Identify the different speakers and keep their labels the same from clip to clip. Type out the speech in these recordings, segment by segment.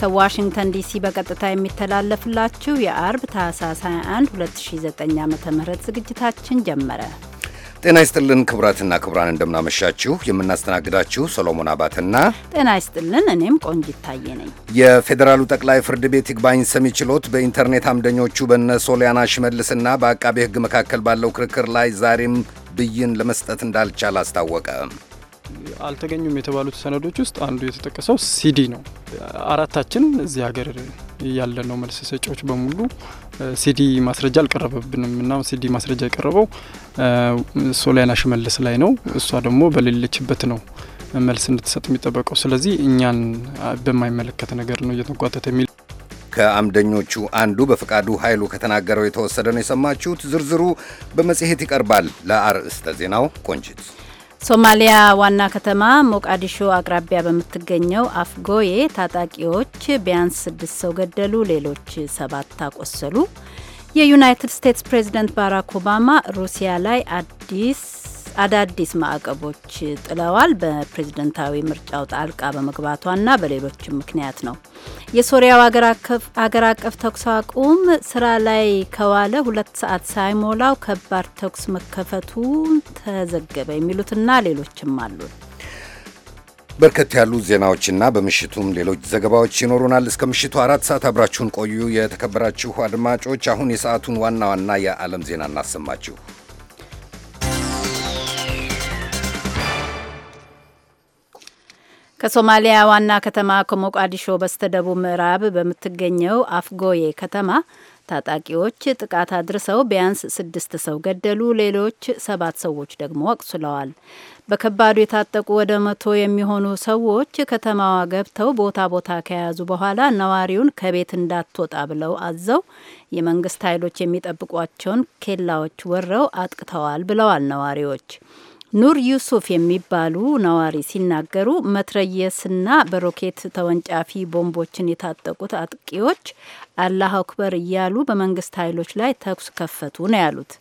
Speaker 1: ከዋሽንግተን ዲሲ በቀጥታ የሚተላለፍላችሁ የአርብ ታህሳስ 21 2009 ዓ ም ዝግጅታችን ጀመረ።
Speaker 2: ጤና ይስጥልን ክቡራትና ክቡራን፣ እንደምናመሻችሁ። የምናስተናግዳችሁ ሰሎሞን አባትና
Speaker 1: ጤና ይስጥልን፣ እኔም ቆንጅ ይታየ ነኝ።
Speaker 2: የፌዴራሉ ጠቅላይ ፍርድ ቤት ይግባኝ ሰሚ ችሎት በኢንተርኔት አምደኞቹ በነ ሶሊያና ሽመልስና በአቃቤ ሕግ መካከል ባለው ክርክር ላይ ዛሬም ብይን ለመስጠት እንዳልቻል አስታወቀ።
Speaker 3: አልተገኙም የተባሉት ሰነዶች ውስጥ አንዱ የተጠቀሰው ሲዲ ነው። አራታችን እዚህ ሀገር ነው መልስ ሰጪዎች በሙሉ ሲዲ ማስረጃ አልቀረበብንም እና ሲዲ ማስረጃ የቀረበው ሶሊያና ሽመልስ ላይ ነው። እሷ ደግሞ በሌለችበት ነው መልስ እንድትሰጥ የሚጠበቀው። ስለዚህ እኛን በማይመለከት ነገር ነው እየተጓተተ የሚል
Speaker 2: ከአምደኞቹ አንዱ በፈቃዱ ኃይሉ ከተናገረው የተወሰደ ነው የሰማችሁት። ዝርዝሩ በመጽሔት ይቀርባል። ለአርእስተ ዜናው ቆንጅት።
Speaker 1: ሶማሊያ ዋና ከተማ ሞቃዲሾ አቅራቢያ በምትገኘው አፍጎዬ ታጣቂዎች ቢያንስ ስድስት ሰው ገደሉ፣ ሌሎች ሰባት አቆሰሉ። የዩናይትድ ስቴትስ ፕሬዝደንት ባራክ ኦባማ ሩሲያ ላይ አዲስ አዳዲስ ማዕቀቦች ጥለዋል። በፕሬዝደንታዊ ምርጫው ጣልቃ በመግባቷና በሌሎችም ምክንያት ነው። የሶሪያው አገር አቀፍ ተኩስ አቁም ስራ ላይ ከዋለ ሁለት ሰዓት ሳይሞላው ከባድ ተኩስ መከፈቱ ተዘገበ። የሚሉትና ሌሎችም አሉ።
Speaker 2: በርከት ያሉ ዜናዎችና በምሽቱም ሌሎች ዘገባዎች ይኖሩናል። እስከ ምሽቱ አራት ሰዓት አብራችሁን ቆዩ። የተከበራችሁ አድማጮች፣ አሁን የሰዓቱን ዋና ዋና የዓለም ዜና እናሰማችሁ።
Speaker 1: ከሶማሊያ ዋና ከተማ ከሞቃዲሾ በስተደቡብ ምዕራብ በምትገኘው አፍጎዬ ከተማ ታጣቂዎች ጥቃት አድርሰው ቢያንስ ስድስት ሰው ገደሉ፣ ሌሎች ሰባት ሰዎች ደግሞ አቁስለዋል። በከባዱ የታጠቁ ወደ መቶ የሚሆኑ ሰዎች ከተማዋ ገብተው ቦታ ቦታ ከያዙ በኋላ ነዋሪውን ከቤት እንዳትወጣ ብለው አዘው የመንግስት ኃይሎች የሚጠብቋቸውን ኬላዎች ወረው አጥቅተዋል ብለዋል ነዋሪዎች። ኑር ዩሱፍ የሚባሉ ነዋሪ ሲናገሩ መትረየስና በሮኬት ተወንጫፊ ቦምቦችን የታጠቁት አጥቂዎች አላህ አክበር እያሉ በመንግስት ኃይሎች ላይ ተኩስ ከፈቱ ነው ያሉት።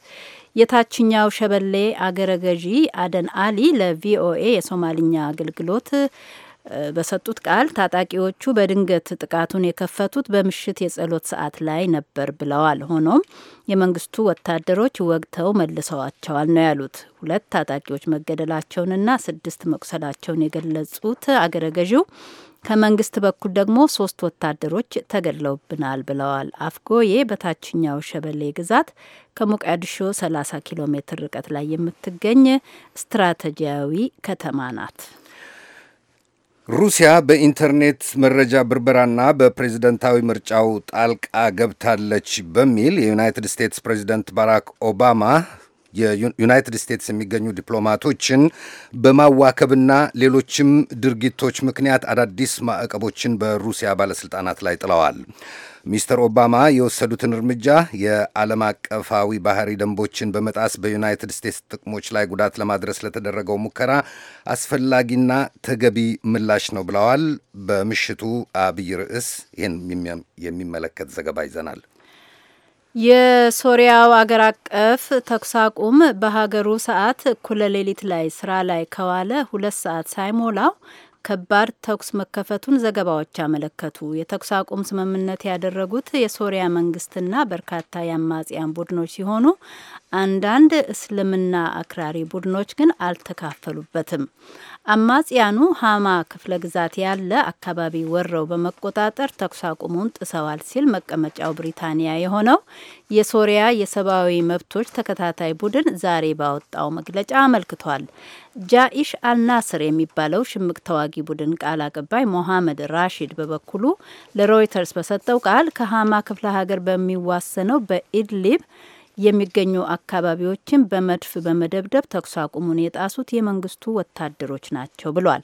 Speaker 1: የታችኛው ሸበሌ አገረ ገዢ አደን አሊ ለቪኦኤ የሶማልኛ አገልግሎት በሰጡት ቃል ታጣቂዎቹ በድንገት ጥቃቱን የከፈቱት በምሽት የጸሎት ሰዓት ላይ ነበር ብለዋል። ሆኖም የመንግስቱ ወታደሮች ወግተው መልሰዋቸዋል ነው ያሉት። ሁለት ታጣቂዎች መገደላቸውንና ስድስት መቁሰላቸውን የገለጹት አገረ ገዢው ከመንግስት በኩል ደግሞ ሶስት ወታደሮች ተገድለውብናል ብለዋል። አፍጎዬ በታችኛው ሸበሌ ግዛት ከሞቃዲሾ 30 ኪሎ ሜትር ርቀት ላይ የምትገኝ ስትራቴጂያዊ ከተማ ናት።
Speaker 2: ሩሲያ በኢንተርኔት መረጃ ብርበራና በፕሬዝደንታዊ ምርጫው ጣልቃ ገብታለች በሚል የዩናይትድ ስቴትስ ፕሬዝደንት ባራክ ኦባማ የዩናይትድ ስቴትስ የሚገኙ ዲፕሎማቶችን በማዋከብና ሌሎችም ድርጊቶች ምክንያት አዳዲስ ማዕቀቦችን በሩሲያ ባለሥልጣናት ላይ ጥለዋል። ሚስተር ኦባማ የወሰዱትን እርምጃ የዓለም አቀፋዊ ባህሪ ደንቦችን በመጣስ በዩናይትድ ስቴትስ ጥቅሞች ላይ ጉዳት ለማድረስ ለተደረገው ሙከራ አስፈላጊና ተገቢ ምላሽ ነው ብለዋል። በምሽቱ አብይ ርዕስ ይህን የሚመለከት ዘገባ ይዘናል።
Speaker 1: የሶሪያው አገር አቀፍ ተኩስ አቁም በሀገሩ ሰዓት እኩለ ሌሊት ላይ ስራ ላይ ከዋለ ሁለት ሰዓት ሳይሞላው ከባድ ተኩስ መከፈቱን ዘገባዎች አመለከቱ። የተኩስ አቁም ስምምነት ያደረጉት የሶሪያ መንግስትና በርካታ የአማጽያን ቡድኖች ሲሆኑ አንዳንድ እስልምና አክራሪ ቡድኖች ግን አልተካፈሉበትም። አማጽያኑ ሃማ ክፍለ ግዛት ያለ አካባቢ ወረው በመቆጣጠር ተኩስ አቁሙን ጥሰዋል ሲል መቀመጫው ብሪታንያ የሆነው የሶሪያ የሰብአዊ መብቶች ተከታታይ ቡድን ዛሬ ባወጣው መግለጫ አመልክቷል። ጃኢሽ አልናስር የሚባለው ሽምቅ ተዋጊ ቡድን ቃል አቀባይ ሞሐመድ ራሺድ በበኩሉ ለሮይተርስ በሰጠው ቃል ከሃማ ክፍለ ሀገር በሚዋሰነው በኢድሊብ የሚገኙ አካባቢዎችን በመድፍ በመደብደብ ተኩስ አቁሙን የጣሱት የመንግስቱ ወታደሮች ናቸው ብሏል።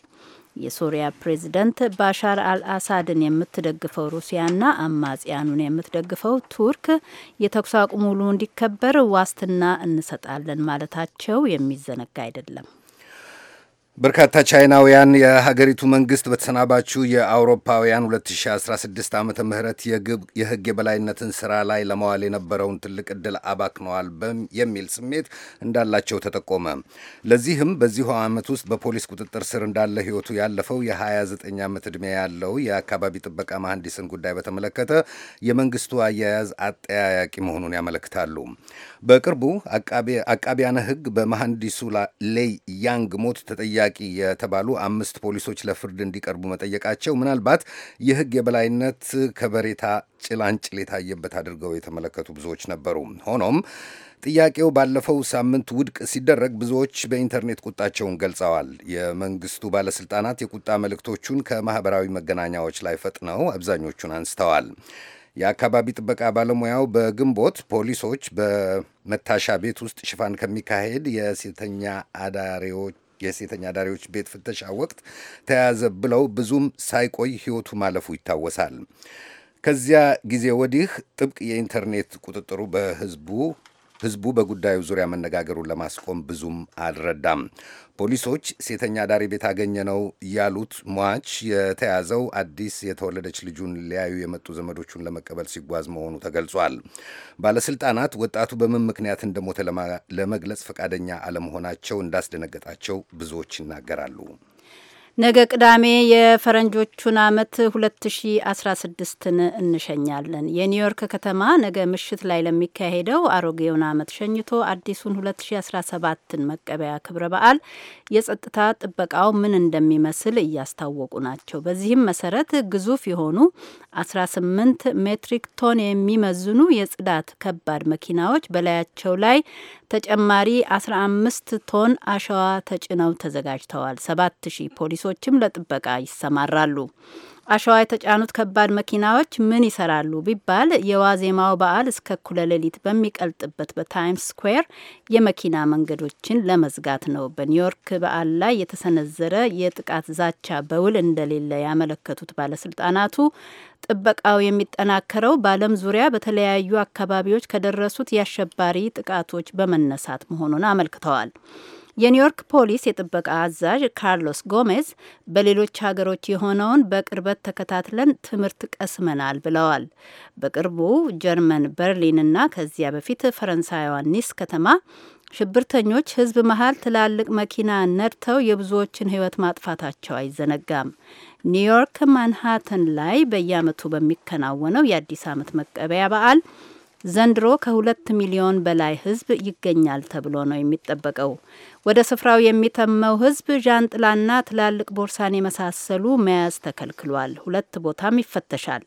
Speaker 1: የሶሪያ ፕሬዝደንት ባሻር አልአሳድን የምትደግፈው ሩሲያና አማጽያኑን የምትደግፈው ቱርክ የተኩስ አቁም ውሉ እንዲከበር ዋስትና እንሰጣለን ማለታቸው የሚዘነጋ አይደለም።
Speaker 2: በርካታ ቻይናውያን የሀገሪቱ መንግስት በተሰናባችው የአውሮፓውያን 2016 ዓመተ ምህረት የህግ የበላይነትን ስራ ላይ ለመዋል የነበረውን ትልቅ ዕድል አባክነዋል የሚል ስሜት እንዳላቸው ተጠቆመ። ለዚህም በዚሁ ዓመት ውስጥ በፖሊስ ቁጥጥር ስር እንዳለ ህይወቱ ያለፈው የ29 ዓመት ዕድሜ ያለው የአካባቢ ጥበቃ መሐንዲስን ጉዳይ በተመለከተ የመንግስቱ አያያዝ አጠያያቂ መሆኑን ያመለክታሉ። በቅርቡ አቃቢያነ ሕግ በመሐንዲሱ ሌይ ያንግ ሞት ተጠያቂ የተባሉ አምስት ፖሊሶች ለፍርድ እንዲቀርቡ መጠየቃቸው ምናልባት የሕግ የበላይነት ከበሬታ ጭላንጭል የታየበት አድርገው የተመለከቱ ብዙዎች ነበሩ። ሆኖም ጥያቄው ባለፈው ሳምንት ውድቅ ሲደረግ ብዙዎች በኢንተርኔት ቁጣቸውን ገልጸዋል። የመንግስቱ ባለስልጣናት የቁጣ መልእክቶቹን ከማህበራዊ መገናኛዎች ላይ ፈጥነው አብዛኞቹን አንስተዋል። የአካባቢ ጥበቃ ባለሙያው በግንቦት ፖሊሶች በመታሻ ቤት ውስጥ ሽፋን ከሚካሄድ የሴተኛ አዳሪዎች የሴተኛ አዳሪዎች ቤት ፍተሻ ወቅት ተያዘ ብለው ብዙም ሳይቆይ ሕይወቱ ማለፉ ይታወሳል። ከዚያ ጊዜ ወዲህ ጥብቅ የኢንተርኔት ቁጥጥሩ በህዝቡ ህዝቡ በጉዳዩ ዙሪያ መነጋገሩን ለማስቆም ብዙም አልረዳም። ፖሊሶች ሴተኛ አዳሪ ቤት አገኘ ነው ያሉት ሟች የተያዘው አዲስ የተወለደች ልጁን ሊያዩ የመጡ ዘመዶቹን ለመቀበል ሲጓዝ መሆኑ ተገልጿል። ባለስልጣናት ወጣቱ በምን ምክንያት እንደሞተ ለመግለጽ ፈቃደኛ አለመሆናቸው እንዳስደነገጣቸው ብዙዎች ይናገራሉ።
Speaker 1: ነገ ቅዳሜ የፈረንጆቹን ዓመት 2016ን እንሸኛለን። የኒውዮርክ ከተማ ነገ ምሽት ላይ ለሚካሄደው አሮጌውን ዓመት ሸኝቶ አዲሱን 2017ን መቀበያ ክብረ በዓል የጸጥታ ጥበቃው ምን እንደሚመስል እያስታወቁ ናቸው። በዚህም መሰረት ግዙፍ የሆኑ 18 ሜትሪክ ቶን የሚመዝኑ የጽዳት ከባድ መኪናዎች በላያቸው ላይ ተጨማሪ 15 ቶን አሸዋ ተጭነው ተዘጋጅተዋል። 7000 ፖሊሶችም ለጥበቃ ይሰማራሉ። አሸዋ የተጫኑት ከባድ መኪናዎች ምን ይሰራሉ ቢባል የዋዜማው በዓል እስከ እኩለ ሌሊት በሚቀልጥበት በታይምስ ስኩዌር የመኪና መንገዶችን ለመዝጋት ነው። በኒውዮርክ በዓል ላይ የተሰነዘረ የጥቃት ዛቻ በውል እንደሌለ ያመለከቱት ባለስልጣናቱ ጥበቃው የሚጠናከረው በዓለም ዙሪያ በተለያዩ አካባቢዎች ከደረሱት የአሸባሪ ጥቃቶች በመነሳት መሆኑን አመልክተዋል። የኒውዮርክ ፖሊስ የጥበቃ አዛዥ ካርሎስ ጎሜዝ በሌሎች ሀገሮች የሆነውን በቅርበት ተከታትለን ትምህርት ቀስመናል ብለዋል። በቅርቡ ጀርመን በርሊንና ከዚያ በፊት ፈረንሳይዋ ኒስ ከተማ ሽብርተኞች ህዝብ መሀል ትላልቅ መኪና ነድተው የብዙዎችን ሕይወት ማጥፋታቸው አይዘነጋም። ኒውዮርክ ማንሃተን ላይ በየዓመቱ በሚከናወነው የአዲስ ዓመት መቀበያ በዓል ዘንድሮ ከሁለት ሚሊዮን በላይ ህዝብ ይገኛል ተብሎ ነው የሚጠበቀው። ወደ ስፍራው የሚተመው ህዝብ ዣንጥላና ትላልቅ ቦርሳን የመሳሰሉ መያዝ ተከልክሏል። ሁለት ቦታም ይፈተሻል።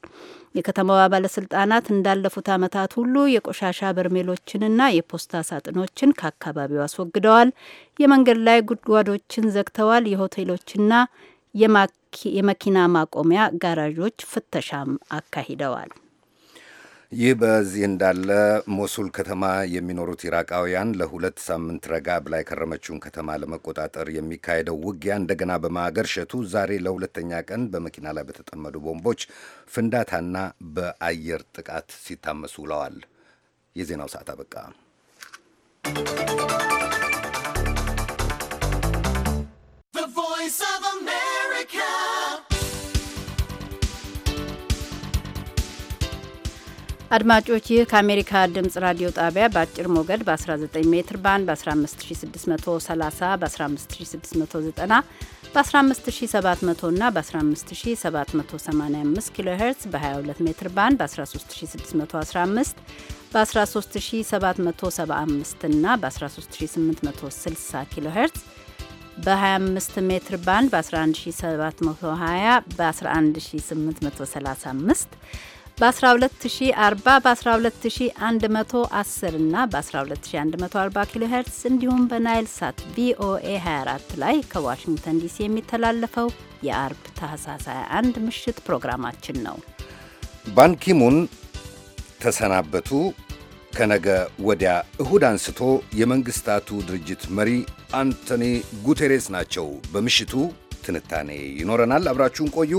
Speaker 1: የከተማዋ ባለስልጣናት እንዳለፉት ዓመታት ሁሉ የቆሻሻ በርሜሎችንና የፖስታ ሳጥኖችን ከአካባቢው አስወግደዋል። የመንገድ ላይ ጉድጓዶችን ዘግተዋል። የሆቴሎችና የመኪና ማቆሚያ ጋራዦች ፍተሻም አካሂደዋል።
Speaker 2: ይህ በዚህ እንዳለ ሞሱል ከተማ የሚኖሩት ኢራቃውያን ለሁለት ሳምንት ረጋ ላይ ከረመችውን ከተማ ለመቆጣጠር የሚካሄደው ውጊያ እንደገና በማገርሸቱ ዛሬ ለሁለተኛ ቀን በመኪና ላይ በተጠመዱ ቦምቦች ፍንዳታና በአየር ጥቃት ሲታመሱ ውለዋል። የዜናው ሰዓት አበቃ።
Speaker 1: አድማጮች ይህ ከአሜሪካ ድምጽ ራዲዮ ጣቢያ በአጭር ሞገድ በ19 ሜትር ባንድ በ15630 በ15690 በ15700 እና በ15785 ኪሎ ሄርትስ በ22 ሜትር ባንድ በ13615 በ13775 እና በ13860 ኪሎ ሄርትስ በ25 ሜትር ባንድ በ11720 በ11835 በ12040 በ12110 እና በ12140 ኪሎ ሄርትስ እንዲሁም በናይል ሳት ቪኦኤ 24 ላይ ከዋሽንግተን ዲሲ የሚተላለፈው የአርብ ታህሳስ 21 ምሽት ፕሮግራማችን ነው።
Speaker 2: ባንኪሙን ተሰናበቱ። ከነገ ወዲያ እሁድ አንስቶ የመንግሥታቱ ድርጅት መሪ አንቶኒ ጉቴሬስ ናቸው በምሽቱ ትንታኔ ይኖረናል። አብራችሁን ቆዩ።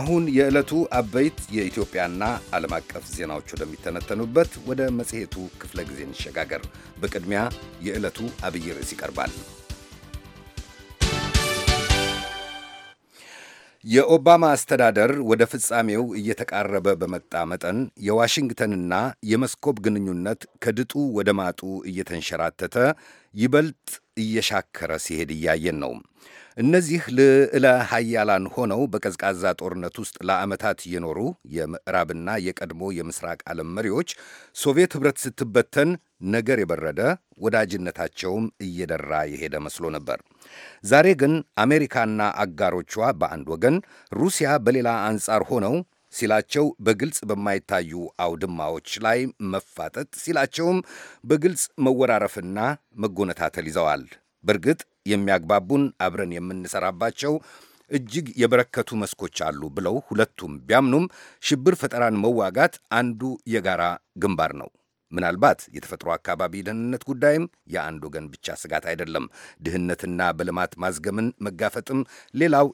Speaker 2: አሁን የዕለቱ አበይት የኢትዮጵያና ዓለም አቀፍ ዜናዎች ወደሚተነተኑበት ወደ መጽሔቱ ክፍለ ጊዜ እንሸጋገር። በቅድሚያ የዕለቱ አብይ ርዕስ ይቀርባል። የኦባማ አስተዳደር ወደ ፍጻሜው እየተቃረበ በመጣ መጠን የዋሽንግተንና የመስኮብ ግንኙነት ከድጡ ወደ ማጡ እየተንሸራተተ ይበልጥ እየሻከረ ሲሄድ እያየን ነው። እነዚህ ልዕለ ሀያላን ሆነው በቀዝቃዛ ጦርነት ውስጥ ለዓመታት የኖሩ የምዕራብና የቀድሞ የምስራቅ ዓለም መሪዎች ሶቪየት ኅብረት ስትበተን ነገር የበረደ ወዳጅነታቸውም እየደራ የሄደ መስሎ ነበር። ዛሬ ግን አሜሪካና አጋሮቿ በአንድ ወገን፣ ሩሲያ በሌላ አንጻር ሆነው ሲላቸው በግልጽ በማይታዩ አውድማዎች ላይ መፋጠጥ ሲላቸውም በግልጽ መወራረፍና መጎነታተል ይዘዋል። በእርግጥ የሚያግባቡን አብረን የምንሰራባቸው እጅግ የበረከቱ መስኮች አሉ ብለው ሁለቱም ቢያምኑም ሽብር ፈጠራን መዋጋት አንዱ የጋራ ግንባር ነው። ምናልባት የተፈጥሮ አካባቢ ደህንነት ጉዳይም የአንድ ወገን ብቻ ስጋት አይደለም። ድህነትና በልማት ማዝገምን መጋፈጥም ሌላው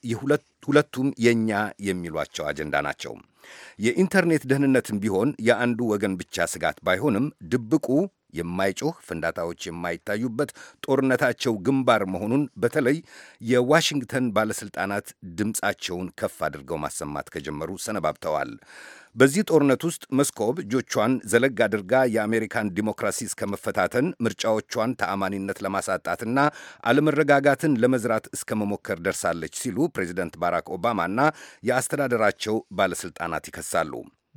Speaker 2: ሁለቱም የእኛ የሚሏቸው አጀንዳ ናቸው። የኢንተርኔት ደህንነትም ቢሆን የአንዱ ወገን ብቻ ስጋት ባይሆንም ድብቁ የማይጮህ ፍንዳታዎች የማይታዩበት ጦርነታቸው ግንባር መሆኑን በተለይ የዋሽንግተን ባለሥልጣናት ድምፃቸውን ከፍ አድርገው ማሰማት ከጀመሩ ሰነባብተዋል። በዚህ ጦርነት ውስጥ መስኮብ እጆቿን ዘለግ አድርጋ የአሜሪካን ዲሞክራሲ እስከመፈታተን ምርጫዎቿን ተአማኒነት ለማሳጣትና አለመረጋጋትን ለመዝራት እስከ መሞከር ደርሳለች ሲሉ ፕሬዚደንት ባራክ ኦባማና የአስተዳደራቸው ባለሥልጣናት ይከሳሉ።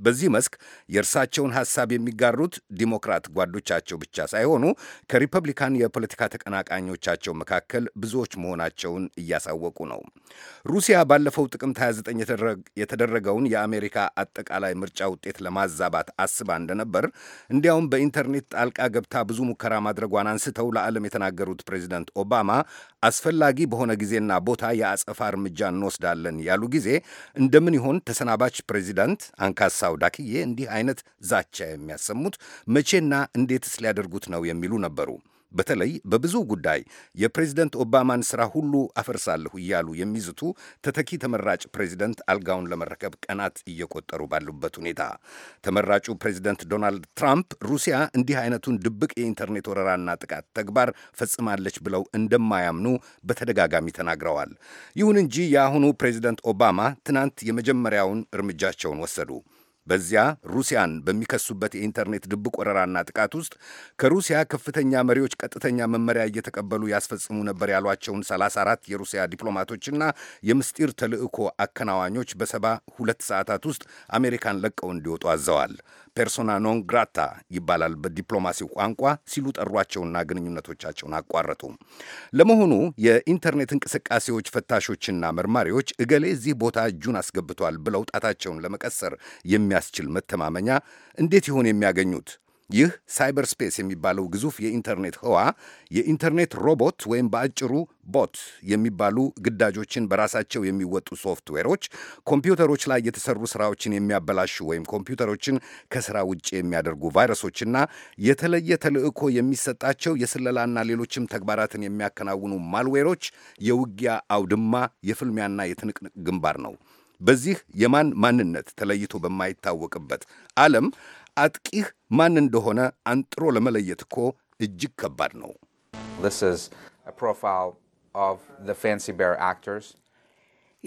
Speaker 2: በዚህ መስክ የእርሳቸውን ሐሳብ የሚጋሩት ዲሞክራት ጓዶቻቸው ብቻ ሳይሆኑ ከሪፐብሊካን የፖለቲካ ተቀናቃኞቻቸው መካከል ብዙዎች መሆናቸውን እያሳወቁ ነው። ሩሲያ ባለፈው ጥቅምት 29 የተደረገውን የአሜሪካ አጠቃላይ ምርጫ ውጤት ለማዛባት አስባ እንደነበር እንዲያውም በኢንተርኔት ጣልቃ ገብታ ብዙ ሙከራ ማድረጓን አንስተው ለዓለም የተናገሩት ፕሬዚደንት ኦባማ አስፈላጊ በሆነ ጊዜና ቦታ የአጸፋ እርምጃ እንወስዳለን ያሉ ጊዜ እንደምን ይሆን ተሰናባች ፕሬዚዳንት አንካሳ ካሳው ዳክዬ እንዲህ አይነት ዛቻ የሚያሰሙት መቼና እንዴትስ ሊያደርጉት ነው የሚሉ ነበሩ። በተለይ በብዙ ጉዳይ የፕሬዚደንት ኦባማን ስራ ሁሉ አፈርሳለሁ እያሉ የሚዝቱ ተተኪ ተመራጭ ፕሬዚደንት አልጋውን ለመረከብ ቀናት እየቆጠሩ ባሉበት ሁኔታ ተመራጩ ፕሬዚደንት ዶናልድ ትራምፕ ሩሲያ እንዲህ አይነቱን ድብቅ የኢንተርኔት ወረራና ጥቃት ተግባር ፈጽማለች ብለው እንደማያምኑ በተደጋጋሚ ተናግረዋል። ይሁን እንጂ የአሁኑ ፕሬዚደንት ኦባማ ትናንት የመጀመሪያውን እርምጃቸውን ወሰዱ። በዚያ ሩሲያን በሚከሱበት የኢንተርኔት ድብቅ ወረራና ጥቃት ውስጥ ከሩሲያ ከፍተኛ መሪዎች ቀጥተኛ መመሪያ እየተቀበሉ ያስፈጽሙ ነበር ያሏቸውን 34 የሩሲያ ዲፕሎማቶችና የምስጢር ተልዕኮ አከናዋኞች በሰባ ሁለት ሰዓታት ውስጥ አሜሪካን ለቀው እንዲወጡ አዘዋል። ፐርሶና ኖን ግራታ ይባላል በዲፕሎማሲው ቋንቋ ሲሉ ጠሯቸውና ግንኙነቶቻቸውን አቋረጡ። ለመሆኑ የኢንተርኔት እንቅስቃሴዎች ፈታሾችና መርማሪዎች እገሌ እዚህ ቦታ እጁን አስገብቷል ብለው ጣታቸውን ለመቀሰር የሚያስችል መተማመኛ እንዴት ይሆን የሚያገኙት? ይህ ሳይበር ስፔስ የሚባለው ግዙፍ የኢንተርኔት ህዋ የኢንተርኔት ሮቦት ወይም በአጭሩ ቦት የሚባሉ ግዳጆችን በራሳቸው የሚወጡ ሶፍትዌሮች ኮምፒውተሮች ላይ የተሰሩ ስራዎችን የሚያበላሹ ወይም ኮምፒውተሮችን ከስራ ውጭ የሚያደርጉ ቫይረሶችና የተለየ ተልዕኮ የሚሰጣቸው የስለላና ሌሎችም ተግባራትን የሚያከናውኑ ማልዌሮች የውጊያ አውድማ የፍልሚያና የትንቅንቅ ግንባር ነው። በዚህ የማን ማንነት ተለይቶ በማይታወቅበት ዓለም አጥቂህ ማን እንደሆነ አንጥሮ ለመለየት እኮ እጅግ ከባድ ነው።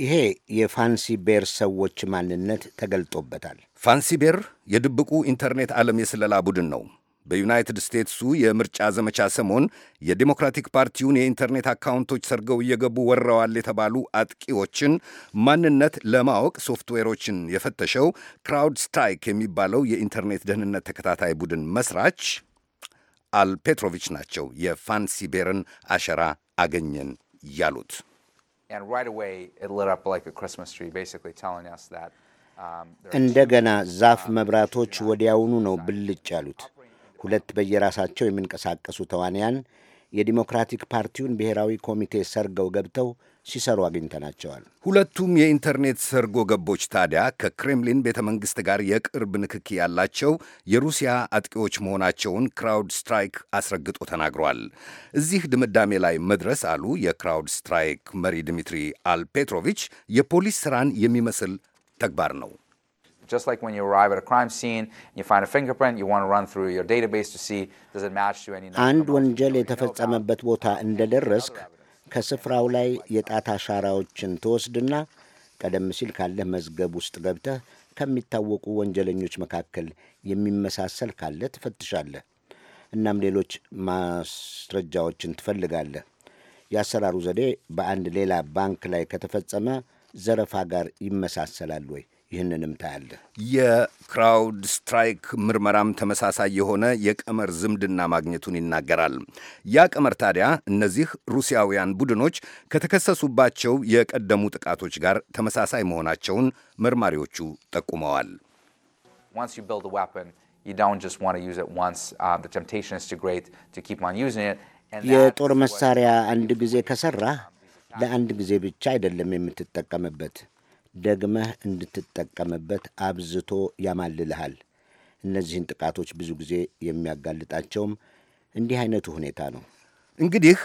Speaker 2: ይሄ የፋንሲ ቤር ሰዎች ማንነት ተገልጦበታል። ፋንሲ ቤር የድብቁ ኢንተርኔት ዓለም የስለላ ቡድን ነው። በዩናይትድ ስቴትሱ የምርጫ ዘመቻ ሰሞን የዲሞክራቲክ ፓርቲውን የኢንተርኔት አካውንቶች ሰርገው እየገቡ ወረዋል የተባሉ አጥቂዎችን ማንነት ለማወቅ ሶፍትዌሮችን የፈተሸው ክራውድ ስትራይክ የሚባለው የኢንተርኔት ደህንነት ተከታታይ ቡድን መስራች አል ፔትሮቪች ናቸው። የፋንሲ ቤርን አሸራ አገኘን ያሉት
Speaker 4: um, እንደገና
Speaker 5: ዛፍ uh, መብራቶች ወዲያውኑ ነው ብልጭ ያሉት። ሁለት በየራሳቸው የሚንቀሳቀሱ ተዋንያን የዲሞክራቲክ ፓርቲውን ብሔራዊ ኮሚቴ ሰርገው
Speaker 2: ገብተው ሲሰሩ አግኝተናቸዋል። ሁለቱም የኢንተርኔት ሰርጎ ገቦች ታዲያ ከክሬምሊን ቤተ መንግሥት ጋር የቅርብ ንክኪ ያላቸው የሩሲያ አጥቂዎች መሆናቸውን ክራውድ ስትራይክ አስረግጦ ተናግሯል። እዚህ ድምዳሜ ላይ መድረስ አሉ የክራውድ ስትራይክ መሪ ድሚትሪ አልፔትሮቪች የፖሊስ ሥራን የሚመስል ተግባር ነው።
Speaker 4: Just like when you arrive at a crime scene, you find a fingerprint, you want to run through your database to see does it match to any
Speaker 5: አንድ ወንጀል የተፈጸመበት ቦታ እንደደረስክ ከስፍራው ላይ የጣት አሻራዎችን ትወስድና ቀደም ሲል ካለህ መዝገብ ውስጥ ገብተህ ከሚታወቁ ወንጀለኞች መካከል የሚመሳሰል ካለ ትፈትሻለህ። እናም ሌሎች ማስረጃዎችን ትፈልጋለህ። የአሰራሩ ዘዴ በአንድ ሌላ ባንክ ላይ ከተፈጸመ ዘረፋ ጋር ይመሳሰላል ወይ? ይህንንም ታያለ።
Speaker 2: የክራውድ ስትራይክ ምርመራም ተመሳሳይ የሆነ የቀመር ዝምድና ማግኘቱን ይናገራል። ያ ቀመር ታዲያ እነዚህ ሩሲያውያን ቡድኖች ከተከሰሱባቸው የቀደሙ ጥቃቶች ጋር ተመሳሳይ መሆናቸውን መርማሪዎቹ ጠቁመዋል።
Speaker 4: uh, የጦር
Speaker 5: መሳሪያ አንድ ጊዜ ከሰራ ለአንድ ጊዜ ብቻ አይደለም የምትጠቀምበት ደግመህ እንድትጠቀምበት አብዝቶ ያማልልሃል። እነዚህን ጥቃቶች ብዙ ጊዜ የሚያጋልጣቸውም
Speaker 2: እንዲህ አይነቱ ሁኔታ ነው። እንግዲህ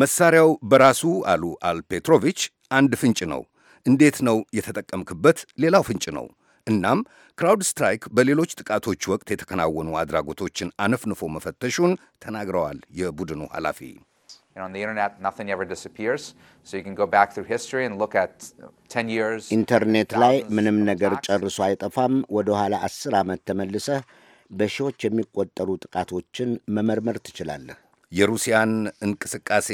Speaker 2: መሳሪያው በራሱ አሉ አልፔትሮቪች አንድ ፍንጭ ነው። እንዴት ነው የተጠቀምክበት ሌላው ፍንጭ ነው። እናም ክራውድ ስትራይክ በሌሎች ጥቃቶች ወቅት የተከናወኑ አድራጎቶችን አነፍንፎ መፈተሹን ተናግረዋል የቡድኑ ኃላፊ።
Speaker 4: And on the internet, nothing ever disappears. So you can go back through history and look at 10 years.
Speaker 2: ኢንተርኔት ላይ ምንም ነገር ጨርሶ
Speaker 5: አይጠፋም። ወደ ኋላ 10 ዓመት ተመልሰህ በሺዎች የሚቆጠሩ ጥቃቶችን
Speaker 2: መመርመር ትችላለህ። የሩሲያን እንቅስቃሴ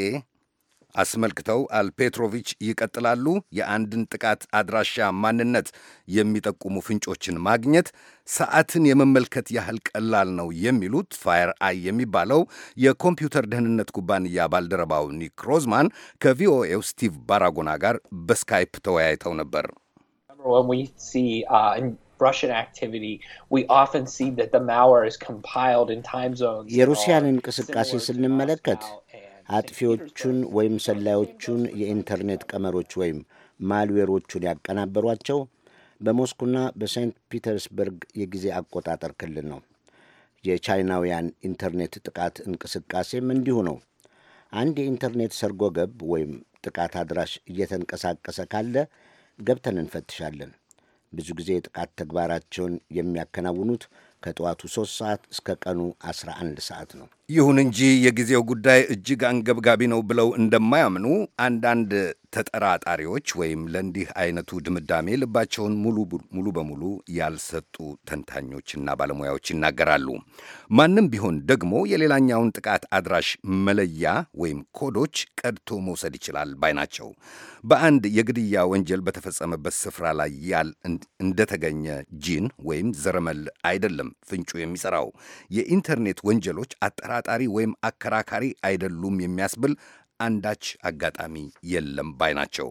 Speaker 2: አስመልክተው አልፔትሮቪች ይቀጥላሉ። የአንድን ጥቃት አድራሻ ማንነት የሚጠቁሙ ፍንጮችን ማግኘት ሰዓትን የመመልከት ያህል ቀላል ነው የሚሉት ፋየር አይ የሚባለው የኮምፒውተር ደህንነት ኩባንያ ባልደረባው ኒክ ሮዝማን ከቪኦኤው ስቲቭ ባራጎና ጋር በስካይፕ ተወያይተው ነበር።
Speaker 1: uh,
Speaker 5: የሩሲያን እንቅስቃሴ ስንመለከት አጥፊዎቹን ወይም ሰላዮቹን የኢንተርኔት ቀመሮች ወይም ማልዌሮቹን ያቀናበሯቸው በሞስኩና በሴንት ፒተርስበርግ የጊዜ አቆጣጠር ክልል ነው። የቻይናውያን ኢንተርኔት ጥቃት እንቅስቃሴም እንዲሁ ነው። አንድ የኢንተርኔት ሰርጎ ገብ ወይም ጥቃት አድራሽ እየተንቀሳቀሰ ካለ ገብተን እንፈትሻለን። ብዙ ጊዜ የጥቃት ተግባራቸውን የሚያከናውኑት ከጠዋቱ ሦስት ሰዓት እስከ ቀኑ 11 ሰዓት
Speaker 2: ነው። ይሁን እንጂ የጊዜው ጉዳይ እጅግ አንገብጋቢ ነው ብለው እንደማያምኑ አንዳንድ ተጠራጣሪዎች ወይም ለእንዲህ አይነቱ ድምዳሜ ልባቸውን ሙሉ በሙሉ ያልሰጡ ተንታኞችና ባለሙያዎች ይናገራሉ። ማንም ቢሆን ደግሞ የሌላኛውን ጥቃት አድራሽ መለያ ወይም ኮዶች ቀድቶ መውሰድ ይችላል ባይ ናቸው። በአንድ የግድያ ወንጀል በተፈጸመበት ስፍራ ላይ ያል እንደተገኘ ጂን ወይም ዘረመል አይደለም ፍንጩ የሚሰራው የኢንተርኔት ወንጀሎች አጠራ ተጠራጣሪ ወይም አከራካሪ አይደሉም የሚያስብል አንዳች አጋጣሚ የለም ባይ ናቸው።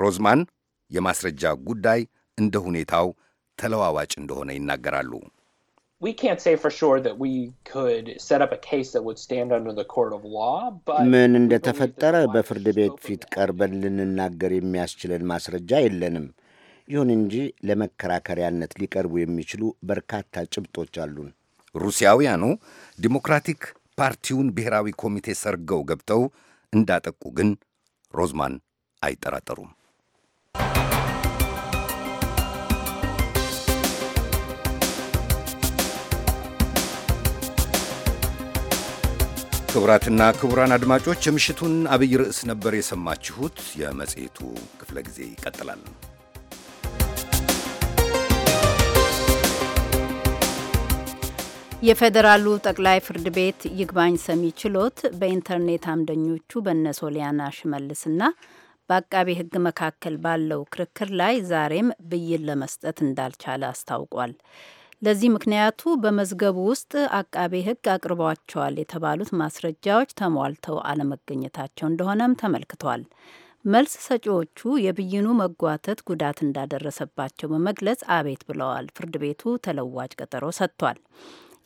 Speaker 2: ሮዝማን የማስረጃ ጉዳይ እንደ ሁኔታው ተለዋዋጭ እንደሆነ ይናገራሉ።
Speaker 1: ምን
Speaker 5: እንደተፈጠረ በፍርድ ቤት ፊት ቀርበን ልንናገር የሚያስችለን ማስረጃ የለንም። ይሁን እንጂ
Speaker 2: ለመከራከሪያነት ሊቀርቡ የሚችሉ በርካታ ጭብጦች አሉን። ሩሲያውያኑ ዲሞክራቲክ ፓርቲውን ብሔራዊ ኮሚቴ ሰርገው ገብተው እንዳጠቁ ግን ሮዝማን አይጠራጠሩም። ክቡራትና ክቡራን አድማጮች የምሽቱን አብይ ርዕስ ነበር የሰማችሁት። የመጽሔቱ ክፍለ ጊዜ ይቀጥላል።
Speaker 1: የፌዴራሉ ጠቅላይ ፍርድ ቤት ይግባኝ ሰሚ ችሎት በኢንተርኔት አምደኞቹ በነሶሊያና ሽመልስና በአቃቤ ሕግ መካከል ባለው ክርክር ላይ ዛሬም ብይን ለመስጠት እንዳልቻለ አስታውቋል። ለዚህ ምክንያቱ በመዝገቡ ውስጥ አቃቤ ሕግ አቅርቧቸዋል የተባሉት ማስረጃዎች ተሟልተው አለመገኘታቸው እንደሆነም ተመልክቷል። መልስ ሰጪዎቹ የብይኑ መጓተት ጉዳት እንዳደረሰባቸው በመግለጽ አቤት ብለዋል። ፍርድ ቤቱ ተለዋጭ ቀጠሮ ሰጥቷል።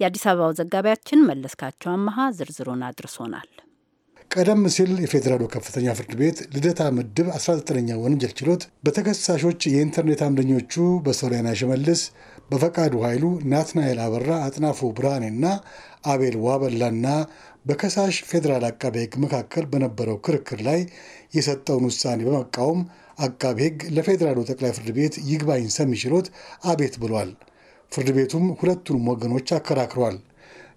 Speaker 1: የአዲስ አበባው ዘጋቢያችን መለስካቸው አመሃ ዝርዝሩን አድርሶናል።
Speaker 6: ቀደም ሲል የፌዴራሉ ከፍተኛ ፍርድ ቤት ልደታ ምድብ 19ኛ ወንጀል ችሎት በተከሳሾች የኢንተርኔት አምደኞቹ በሶሊያና ሽመልስ፣ በፈቃዱ ኃይሉ፣ ናትናኤል አበራ፣ አጥናፉ ብርሃኔና አቤል ዋበላና በከሳሽ ፌዴራል አቃቤ ሕግ መካከል በነበረው ክርክር ላይ የሰጠውን ውሳኔ በመቃወም አቃቤ ሕግ ለፌዴራሉ ጠቅላይ ፍርድ ቤት ይግባኝ ሰሚ ችሎት አቤት ብሏል። ፍርድ ቤቱም ሁለቱንም ወገኖች አከራክሯል።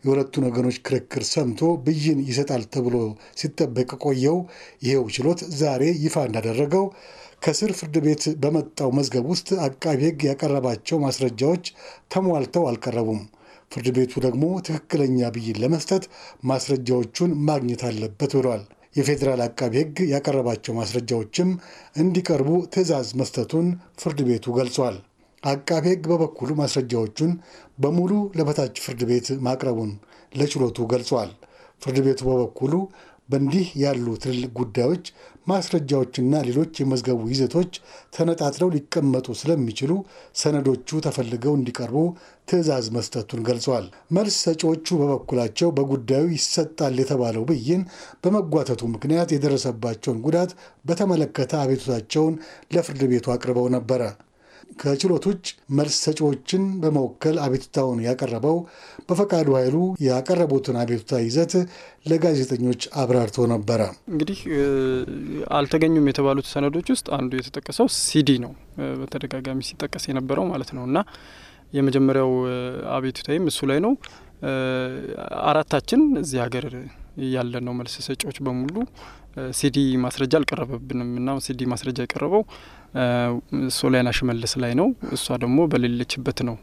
Speaker 6: የሁለቱን ወገኖች ክርክር ሰምቶ ብይን ይሰጣል ተብሎ ሲጠበቅ ቆየው ይሄው ችሎት ዛሬ ይፋ እንዳደረገው ከስር ፍርድ ቤት በመጣው መዝገብ ውስጥ አቃቢ ሕግ ያቀረባቸው ማስረጃዎች ተሟልተው አልቀረቡም። ፍርድ ቤቱ ደግሞ ትክክለኛ ብይን ለመስጠት ማስረጃዎቹን ማግኘት አለበት ብሏል። የፌዴራል አቃቢ ሕግ ያቀረባቸው ማስረጃዎችም እንዲቀርቡ ትዕዛዝ መስጠቱን ፍርድ ቤቱ ገልጿል። አቃቤ ሕግ በበኩሉ ማስረጃዎቹን በሙሉ ለበታች ፍርድ ቤት ማቅረቡን ለችሎቱ ገልጿል። ፍርድ ቤቱ በበኩሉ በእንዲህ ያሉ ትልልቅ ጉዳዮች ማስረጃዎችና ሌሎች የመዝገቡ ይዘቶች ተነጣጥለው ሊቀመጡ ስለሚችሉ ሰነዶቹ ተፈልገው እንዲቀርቡ ትዕዛዝ መስጠቱን ገልጿል። መልስ ሰጪዎቹ በበኩላቸው በጉዳዩ ይሰጣል የተባለው ብይን በመጓተቱ ምክንያት የደረሰባቸውን ጉዳት በተመለከተ አቤቱታቸውን ለፍርድ ቤቱ አቅርበው ነበረ። ከችሎት ውጭ መልስ ሰጪዎችን በመወከል አቤቱታውን ያቀረበው በፈቃዱ ኃይሉ ያቀረቡትን አቤቱታ ይዘት ለጋዜጠኞች አብራርቶ ነበረ።
Speaker 3: እንግዲህ አልተገኙም የተባሉት ሰነዶች ውስጥ አንዱ የተጠቀሰው ሲዲ ነው። በተደጋጋሚ ሲጠቀስ የነበረው ማለት ነው እና የመጀመሪያው አቤቱታይም እሱ ላይ ነው። አራታችን እዚህ ሀገር ነው መልስ ሰጪዎች በሙሉ ሲዲ ማስረጃ አልቀረበብንም እና ሲዲ ማስረጃ የቀረበው ሶሊያና ሽመልስ ላይ ነው። እሷ ደግሞ በሌለችበት ነው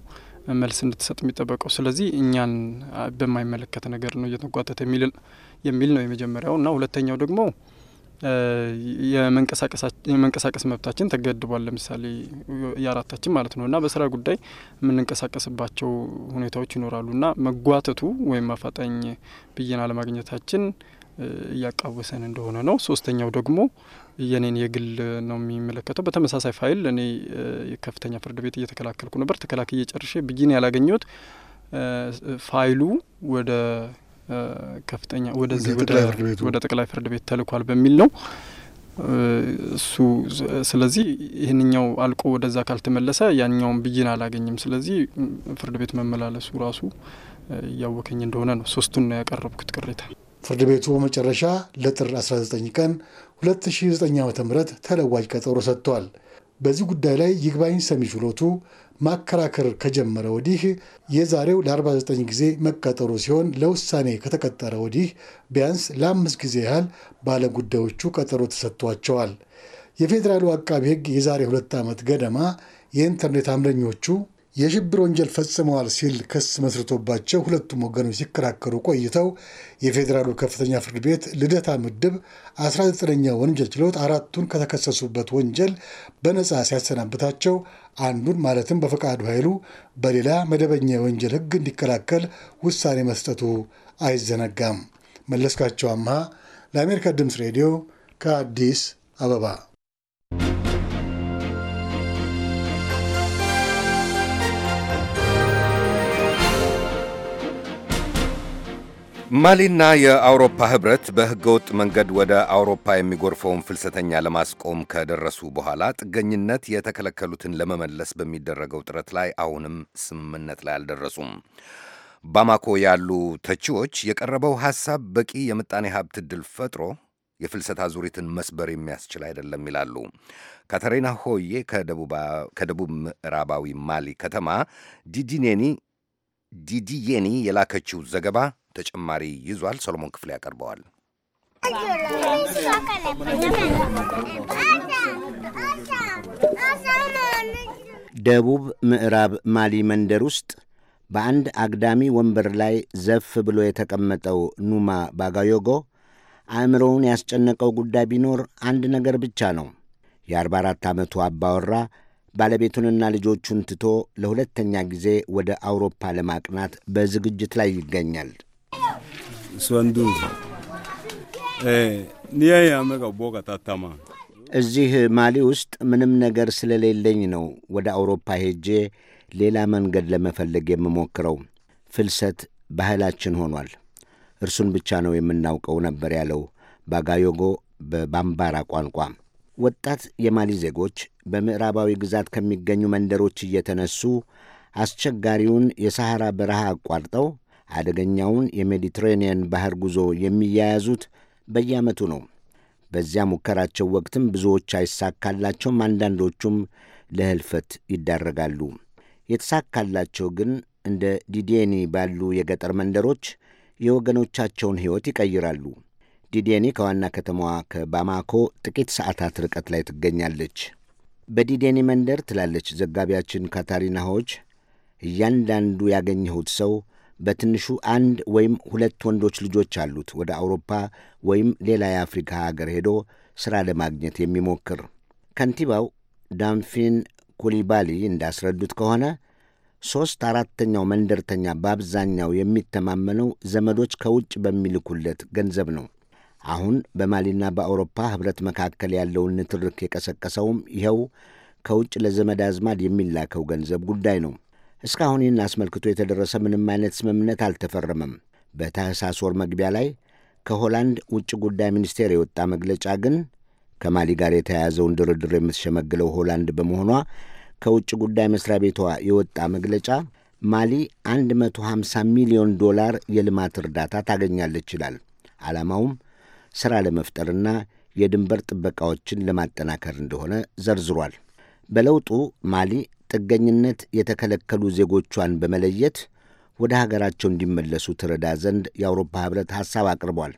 Speaker 3: መልስ እንድትሰጥ የሚጠበቀው። ስለዚህ እኛን በማይመለከት ነገር ነው እየተጓተተ የሚል ነው የመጀመሪያው እና ሁለተኛው ደግሞ የመንቀሳቀስ መብታችን ተገድቧል። ለምሳሌ የአራታችን ማለት ነው እና በስራ ጉዳይ የምንንቀሳቀስባቸው ሁኔታዎች ይኖራሉ እና መጓተቱ ወይም አፋጣኝ ብይን አለማግኘታችን እያቃወሰን እንደሆነ ነው። ሶስተኛው ደግሞ የኔን የግል ነው የሚመለከተው። በተመሳሳይ ፋይል እኔ የከፍተኛ ፍርድ ቤት እየተከላከልኩ ነበር። ተከላክዬ ጨርሼ ብይን ያላገኘሁት ፋይሉ ወደ ከፍተኛ ወደዚህ ወደ ጠቅላይ ፍርድ ቤት ተልኳል በሚል ነው እሱ። ስለዚህ ይህንኛው አልቆ ወደዛ ካልተመለሰ ያኛውን ብይን አላገኝም። ስለዚህ ፍርድ ቤት መመላለሱ ራሱ እያወከኝ እንደሆነ ነው። ሶስቱን ነው ያቀረብኩት ቅሬታ።
Speaker 6: ፍርድ ቤቱ በመጨረሻ ለጥር 19 ቀን 2009 ዓ ም ተለዋጅ ቀጠሮ ሰጥቷል። በዚህ ጉዳይ ላይ ይግባኝ ሰሚ ችሎቱ ማከራከር ከጀመረ ወዲህ የዛሬው ለ49 ጊዜ መቀጠሩ ሲሆን ለውሳኔ ከተቀጠረ ወዲህ ቢያንስ ለአምስት ጊዜ ያህል ባለጉዳዮቹ ቀጠሮ ተሰጥቷቸዋል። የፌዴራሉ አቃቢ ሕግ የዛሬ ሁለት ዓመት ገደማ የኢንተርኔት አምረኞቹ የሽብር ወንጀል ፈጽመዋል ሲል ክስ መስርቶባቸው ሁለቱም ወገኖች ሲከራከሩ ቆይተው የፌዴራሉ ከፍተኛ ፍርድ ቤት ልደታ ምድብ 19ኛ ወንጀል ችሎት አራቱን ከተከሰሱበት ወንጀል በነፃ ሲያሰናብታቸው አንዱን ማለትም በፈቃዱ ኃይሉ በሌላ መደበኛ የወንጀል ሕግ እንዲከላከል ውሳኔ መስጠቱ አይዘነጋም። መለስካቸው አምሃ ለአሜሪካ ድምፅ ሬዲዮ ከአዲስ አበባ
Speaker 2: ማሊና የአውሮፓ ህብረት በህገወጥ መንገድ ወደ አውሮፓ የሚጎርፈውን ፍልሰተኛ ለማስቆም ከደረሱ በኋላ ጥገኝነት የተከለከሉትን ለመመለስ በሚደረገው ጥረት ላይ አሁንም ስምምነት ላይ አልደረሱም። ባማኮ ያሉ ተቺዎች የቀረበው ሐሳብ በቂ የምጣኔ ሀብት ዕድል ፈጥሮ የፍልሰት አዙሪትን መስበር የሚያስችል አይደለም ይላሉ። ካተሪና ሆዬ ከደቡብ ምዕራባዊ ማሊ ከተማ ዲዲኔኒ ዲዲዬኒ የላከችው ዘገባ ተጨማሪ ይዟል። ሰሎሞን ክፍሌ ያቀርበዋል።
Speaker 5: ደቡብ ምዕራብ ማሊ መንደር ውስጥ በአንድ አግዳሚ ወንበር ላይ ዘፍ ብሎ የተቀመጠው ኑማ ባጋዮጎ አእምሮውን ያስጨነቀው ጉዳይ ቢኖር አንድ ነገር ብቻ ነው። የ44 ዓመቱ አባወራ ባለቤቱንና ልጆቹን ትቶ ለሁለተኛ ጊዜ ወደ አውሮፓ ለማቅናት በዝግጅት ላይ ይገኛል።
Speaker 4: ያመቀ ቦቀ ታታማ
Speaker 5: እዚህ eh, ማሊ ውስጥ ምንም ነገር ስለሌለኝ ነው ወደ አውሮፓ ሄጄ ሌላ መንገድ ለመፈለግ የምሞክረው። ፍልሰት ባህላችን ሆኗል። እርሱን ብቻ ነው የምናውቀው ነበር ያለው ባጋዮጎ በባምባራ ቋንቋ። ወጣት የማሊ ዜጎች በምዕራባዊ ግዛት ከሚገኙ መንደሮች እየተነሱ አስቸጋሪውን የሰሐራ በረሃ አቋርጠው አደገኛውን የሜዲትሬንየን ባህር ጉዞ የሚያያዙት በየዓመቱ ነው። በዚያ ሙከራቸው ወቅትም ብዙዎች አይሳካላቸውም፣ አንዳንዶቹም ለህልፈት ይዳረጋሉ። የተሳካላቸው ግን እንደ ዲዴኒ ባሉ የገጠር መንደሮች የወገኖቻቸውን ሕይወት ይቀይራሉ። ዲዴኒ ከዋና ከተማዋ ከባማኮ ጥቂት ሰዓታት ርቀት ላይ ትገኛለች። በዲዴኒ መንደር ትላለች ዘጋቢያችን ካታሪና እያንዳንዱ ያገኘሁት ሰው በትንሹ አንድ ወይም ሁለት ወንዶች ልጆች አሉት ወደ አውሮፓ ወይም ሌላ የአፍሪካ ሀገር ሄዶ ሥራ ለማግኘት የሚሞክር። ከንቲባው ዳንፊን ኩሊባሊ እንዳስረዱት ከሆነ ሦስት አራተኛው መንደርተኛ በአብዛኛው የሚተማመነው ዘመዶች ከውጭ በሚልኩለት ገንዘብ ነው። አሁን በማሊና በአውሮፓ ኅብረት መካከል ያለውን ንትርክ የቀሰቀሰውም ይኸው ከውጭ ለዘመድ አዝማድ የሚላከው ገንዘብ ጉዳይ ነው። እስካሁን ይህን አስመልክቶ የተደረሰ ምንም አይነት ስምምነት አልተፈረመም። በታህሳስ ወር መግቢያ ላይ ከሆላንድ ውጭ ጉዳይ ሚኒስቴር የወጣ መግለጫ ግን ከማሊ ጋር የተያያዘውን ድርድር የምትሸመግለው ሆላንድ በመሆኗ ከውጭ ጉዳይ መስሪያ ቤቷ የወጣ መግለጫ ማሊ 150 ሚሊዮን ዶላር የልማት እርዳታ ታገኛለች ይላል። ዓላማውም ሥራ ለመፍጠርና የድንበር ጥበቃዎችን ለማጠናከር እንደሆነ ዘርዝሯል። በለውጡ ማሊ ጥገኝነት የተከለከሉ ዜጎቿን በመለየት ወደ ሀገራቸው እንዲመለሱ ትረዳ ዘንድ የአውሮፓ ኅብረት ሐሳብ አቅርቧል።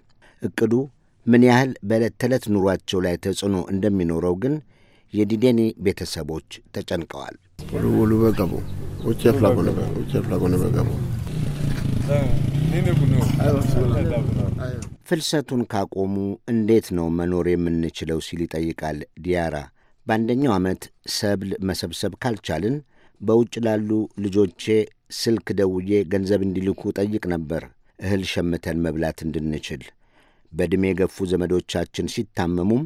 Speaker 5: እቅዱ ምን ያህል በዕለት ተዕለት ኑሯቸው ላይ ተጽዕኖ እንደሚኖረው ግን የዲዴኒ ቤተሰቦች ተጨንቀዋል። ፍልሰቱን ካቆሙ እንዴት ነው መኖር የምንችለው ሲል ይጠይቃል ዲያራ በአንደኛው ዓመት ሰብል መሰብሰብ ካልቻልን በውጭ ላሉ ልጆቼ ስልክ ደውዬ ገንዘብ እንዲልኩ ጠይቅ ነበር እህል ሸምተን መብላት እንድንችል። በዕድሜ የገፉ ዘመዶቻችን ሲታመሙም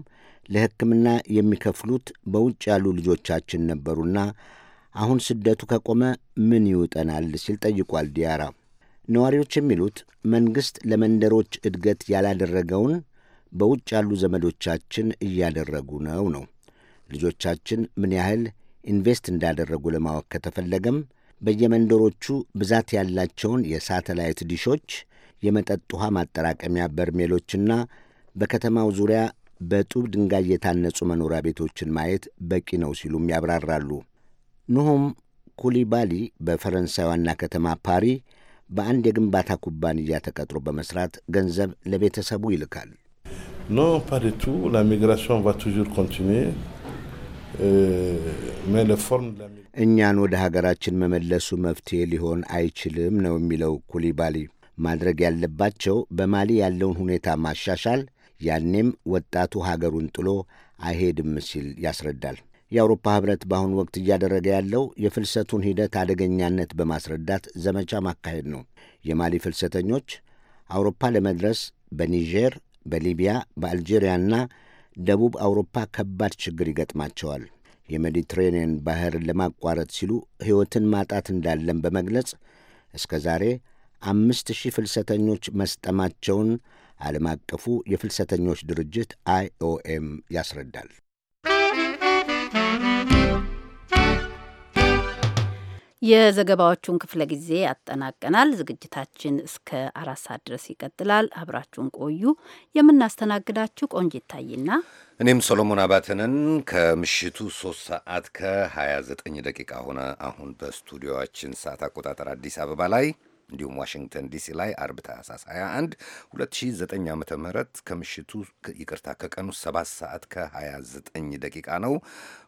Speaker 5: ለሕክምና የሚከፍሉት በውጭ ያሉ ልጆቻችን ነበሩና አሁን ስደቱ ከቆመ ምን ይውጠናል ሲል ጠይቋል ዲያራ። ነዋሪዎች የሚሉት መንግሥት ለመንደሮች እድገት ያላደረገውን በውጭ ያሉ ዘመዶቻችን እያደረጉ ነው ነው ልጆቻችን ምን ያህል ኢንቨስት እንዳደረጉ ለማወቅ ከተፈለገም በየመንደሮቹ ብዛት ያላቸውን የሳተላይት ዲሾች፣ የመጠጥ ውሃ ማጠራቀሚያ በርሜሎችና በከተማው ዙሪያ በጡብ ድንጋይ የታነጹ መኖሪያ ቤቶችን ማየት በቂ ነው ሲሉም ያብራራሉ። ኑሆም ኩሊባሊ በፈረንሳይ ዋና ከተማ ፓሪ በአንድ የግንባታ ኩባንያ ተቀጥሮ በመስራት ገንዘብ ለቤተሰቡ ይልካል። ኖ ፓሪቱ ላ ሚግራሲዮን ቫ ቱዡር ኮንቲኒዬ እኛን ወደ ሀገራችን መመለሱ መፍትሄ ሊሆን አይችልም ነው የሚለው ኩሊባሊ። ማድረግ ያለባቸው በማሊ ያለውን ሁኔታ ማሻሻል፣ ያኔም ወጣቱ ሀገሩን ጥሎ አይሄድም ሲል ያስረዳል። የአውሮፓ ህብረት በአሁኑ ወቅት እያደረገ ያለው የፍልሰቱን ሂደት አደገኛነት በማስረዳት ዘመቻ ማካሄድ ነው። የማሊ ፍልሰተኞች አውሮፓ ለመድረስ በኒጀር፣ በሊቢያ፣ በአልጄሪያና ደቡብ አውሮፓ ከባድ ችግር ይገጥማቸዋል። የሜዲትሬኒየን ባህርን ለማቋረጥ ሲሉ ሕይወትን ማጣት እንዳለን በመግለጽ እስከ ዛሬ አምስት ሺህ ፍልሰተኞች መስጠማቸውን ዓለም አቀፉ የፍልሰተኞች ድርጅት አይኦኤም ያስረዳል።
Speaker 1: የዘገባዎቹን ክፍለ ጊዜ ያጠናቀናል። ዝግጅታችን እስከ አራት ሰዓት ድረስ ይቀጥላል። አብራችሁን ቆዩ። የምናስተናግዳችሁ ቆንጅ ይታይና
Speaker 2: እኔም ሶሎሞን አባተንን ከምሽቱ ሶስት ሰዓት ከ29 ደቂቃ ሆነ አሁን በስቱዲዮችን ሰዓት አቆጣጠር አዲስ አበባ ላይ እንዲሁም ዋሽንግተን ዲሲ ላይ አርብ ታህሳስ 21 2009 ዓ ም ከምሽቱ ይቅርታ ከቀኑ 7 ሰዓት ከ29 ደቂቃ ነው።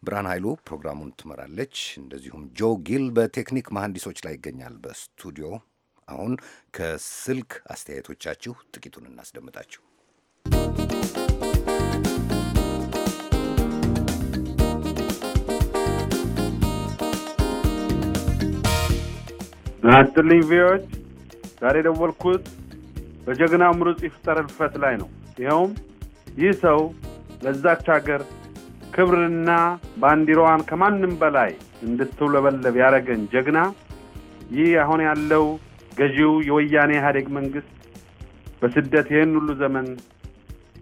Speaker 2: ብርሃን ኃይሉ ፕሮግራሙን ትመራለች። እንደዚሁም ጆ ጊል በቴክኒክ መሐንዲሶች ላይ ይገኛል በስቱዲዮ። አሁን ከስልክ አስተያየቶቻችሁ ጥቂቱን እናስደምጣችሁ።
Speaker 4: ናትልኝ ቪዎች ዛሬ ደወልኩት በጀግና ምሩጽ ይፍጠር ህልፈት ላይ ነው። ይኸውም ይህ ሰው ለዛች ሀገር ክብርና ባንዲራዋን ከማንም በላይ እንድትውለበለብ ያደረገን ጀግና፣ ይህ አሁን ያለው ገዢው የወያኔ ኢህአዴግ መንግስት በስደት ይህን ሁሉ ዘመን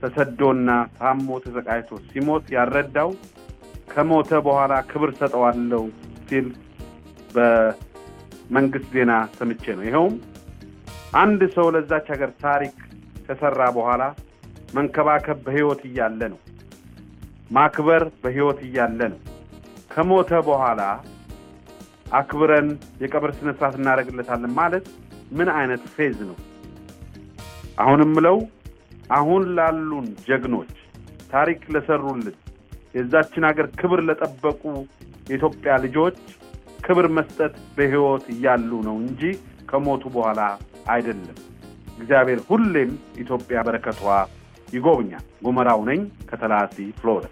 Speaker 4: ተሰዶና ታሞ ተሰቃይቶ ሲሞት ያረዳው ከሞተ በኋላ ክብር ሰጠዋለው ሲል መንግስት ዜና ሰምቼ ነው። ይኸውም አንድ ሰው ለዛች ሀገር ታሪክ ከሰራ በኋላ መንከባከብ በሕይወት እያለ ነው። ማክበር በሕይወት እያለ ነው። ከሞተ በኋላ አክብረን የቀብር ስነ ስርዓት እናደርግለታለን ማለት ምን አይነት ፌዝ ነው? አሁንም ምለው አሁን ላሉን ጀግኖች ታሪክ ለሰሩልን የዛችን ሀገር ክብር ለጠበቁ የኢትዮጵያ ልጆች ክብር መስጠት በሕይወት እያሉ ነው እንጂ ከሞቱ በኋላ አይደለም። እግዚአብሔር ሁሌም ኢትዮጵያ በረከቷ ይጎብኛል። ጎመራው ነኝ ከተላሲ ፍሎሪዳ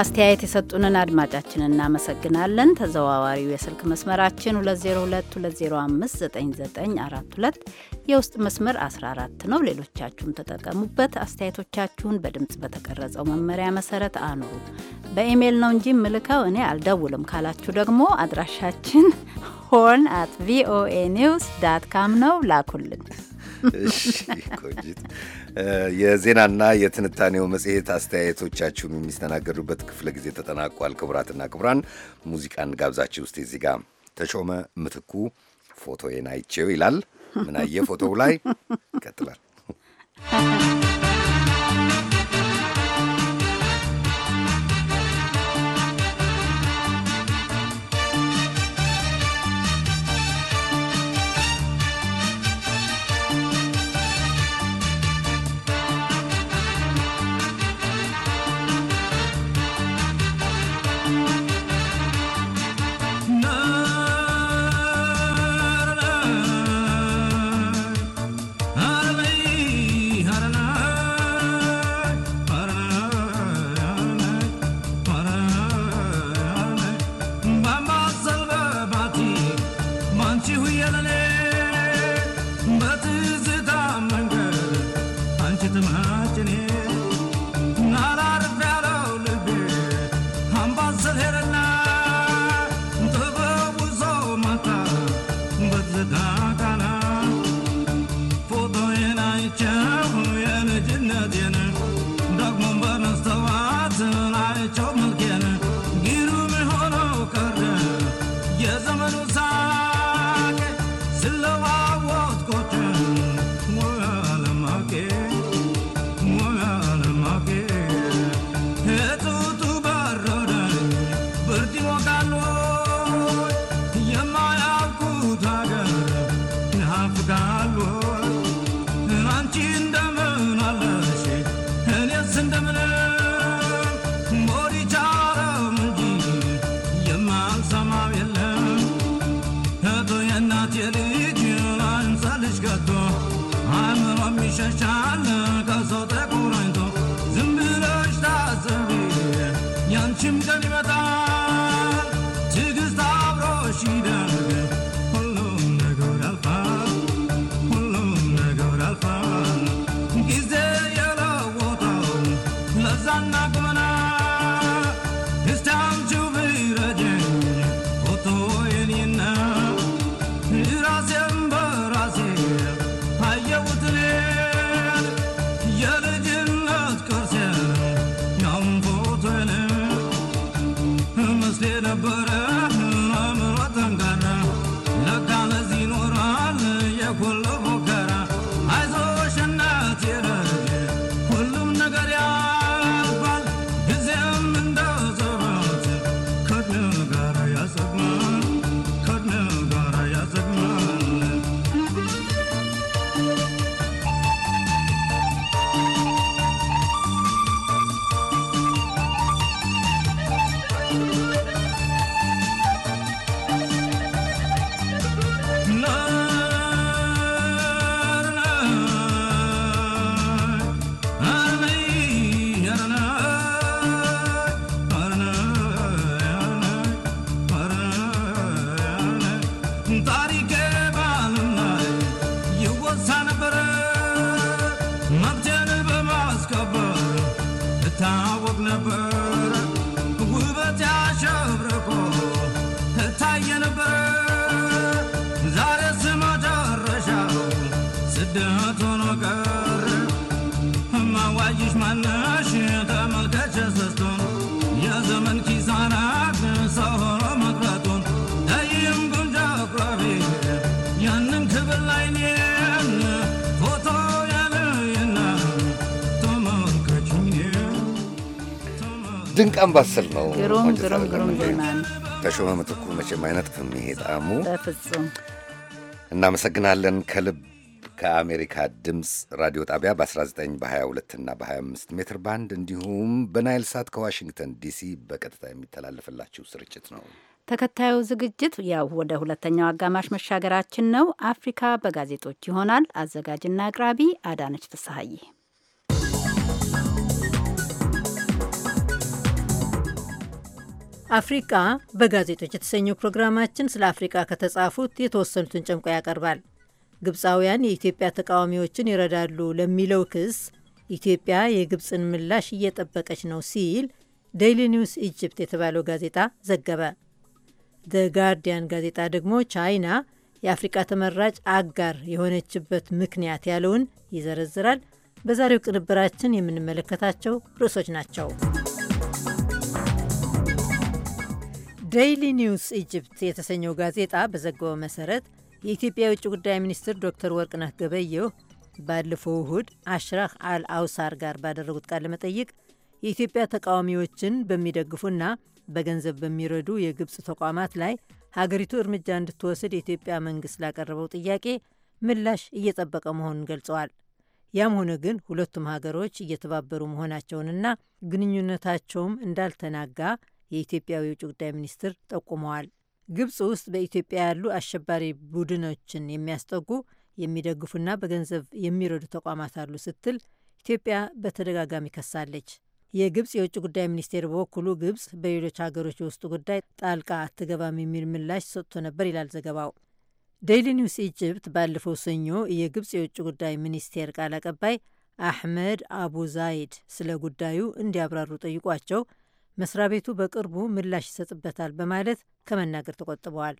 Speaker 1: አስተያየት የሰጡንን አድማጫችን እናመሰግናለን። ተዘዋዋሪው የስልክ መስመራችን 2022059942 የውስጥ መስመር 14 ነው። ሌሎቻችሁም ተጠቀሙበት። አስተያየቶቻችሁን በድምፅ በተቀረጸው መመሪያ መሰረት አኑሩ። በኢሜይል ነው እንጂ ምልከው እኔ አልደውልም ካላችሁ ደግሞ አድራሻችን ሆርን አት ቪኦኤ ኒውስ ዳት ካም ነው። ላኩልን። ቆንጂት፣
Speaker 2: የዜናና የትንታኔው መጽሔት አስተያየቶቻችሁም የሚስተናገዱበት ክፍለ ጊዜ ተጠናቋል። ክቡራትና ክቡራን ሙዚቃን ጋብዛችሁ ውስጥ እዚህ ጋ ተሾመ ምትኩ ፎቶዬን አይቼው ይላል። ምናየ ፎቶው ላይ ይቀጥላል። Thank you. በጣም ባስል ነው። ግሩም ግሩም ግሩም ዜማ ነው። ተሾመ ምትኩ መቼም አይነጥፍም ይሄ ጣዕሙ በፍጹም። እናመሰግናለን ከልብ ከአሜሪካ ድምፅ ራዲዮ ጣቢያ በ19 በ22 እና በ25 ሜትር ባንድ እንዲሁም በናይል ሳት ከዋሽንግተን ዲሲ በቀጥታ የሚተላለፍላችሁ ስርጭት ነው።
Speaker 1: ተከታዩ ዝግጅት ያው ወደ ሁለተኛው አጋማሽ መሻገራችን ነው። አፍሪካ በጋዜጦች ይሆናል። አዘጋጅና አቅራቢ አዳነች ፍስሐዬ አፍሪቃ
Speaker 7: በጋዜጦች የተሰኘው ፕሮግራማችን ስለ አፍሪቃ ከተጻፉት የተወሰኑትን ጨምቆ ያቀርባል። ግብፃውያን የኢትዮጵያ ተቃዋሚዎችን ይረዳሉ ለሚለው ክስ ኢትዮጵያ የግብፅን ምላሽ እየጠበቀች ነው ሲል ዴይሊ ኒውስ ኢጅፕት የተባለው ጋዜጣ ዘገበ። ዘ ጋርዲያን ጋዜጣ ደግሞ ቻይና የአፍሪቃ ተመራጭ አጋር የሆነችበት ምክንያት ያለውን ይዘረዝራል። በዛሬው ቅንብራችን የምንመለከታቸው ርዕሶች ናቸው። ዴይሊ ኒውስ ኢጅፕት የተሰኘው ጋዜጣ በዘገበው መሰረት የኢትዮጵያ የውጭ ጉዳይ ሚኒስትር ዶክተር ወርቅነህ ገበየሁ ባለፈው እሁድ አሽራህ አል አውሳር ጋር ባደረጉት ቃለ መጠይቅ የኢትዮጵያ ተቃዋሚዎችን በሚደግፉና በገንዘብ በሚረዱ የግብፅ ተቋማት ላይ ሀገሪቱ እርምጃ እንድትወስድ የኢትዮጵያ መንግስት ላቀረበው ጥያቄ ምላሽ እየጠበቀ መሆኑን ገልጸዋል። ያም ሆነ ግን ሁለቱም ሀገሮች እየተባበሩ መሆናቸውንና ግንኙነታቸውም እንዳልተናጋ የኢትዮጵያ የውጭ ጉዳይ ሚኒስትር ጠቁመዋል። ግብጽ ውስጥ በኢትዮጵያ ያሉ አሸባሪ ቡድኖችን የሚያስጠጉ የሚደግፉና በገንዘብ የሚረዱ ተቋማት አሉ ስትል ኢትዮጵያ በተደጋጋሚ ከሳለች። የግብጽ የውጭ ጉዳይ ሚኒስቴር በበኩሉ ግብጽ በሌሎች ሀገሮች የውስጥ ጉዳይ ጣልቃ አትገባም የሚል ምላሽ ሰጥቶ ነበር ይላል ዘገባው። ዴይሊ ኒውስ ኢጅፕት ባለፈው ሰኞ የግብጽ የውጭ ጉዳይ ሚኒስቴር ቃል አቀባይ አሕመድ አቡ ዛይድ ስለ ጉዳዩ እንዲያብራሩ ጠይቋቸው መስሪያ ቤቱ በቅርቡ ምላሽ ይሰጥበታል በማለት ከመናገር ተቆጥበዋል።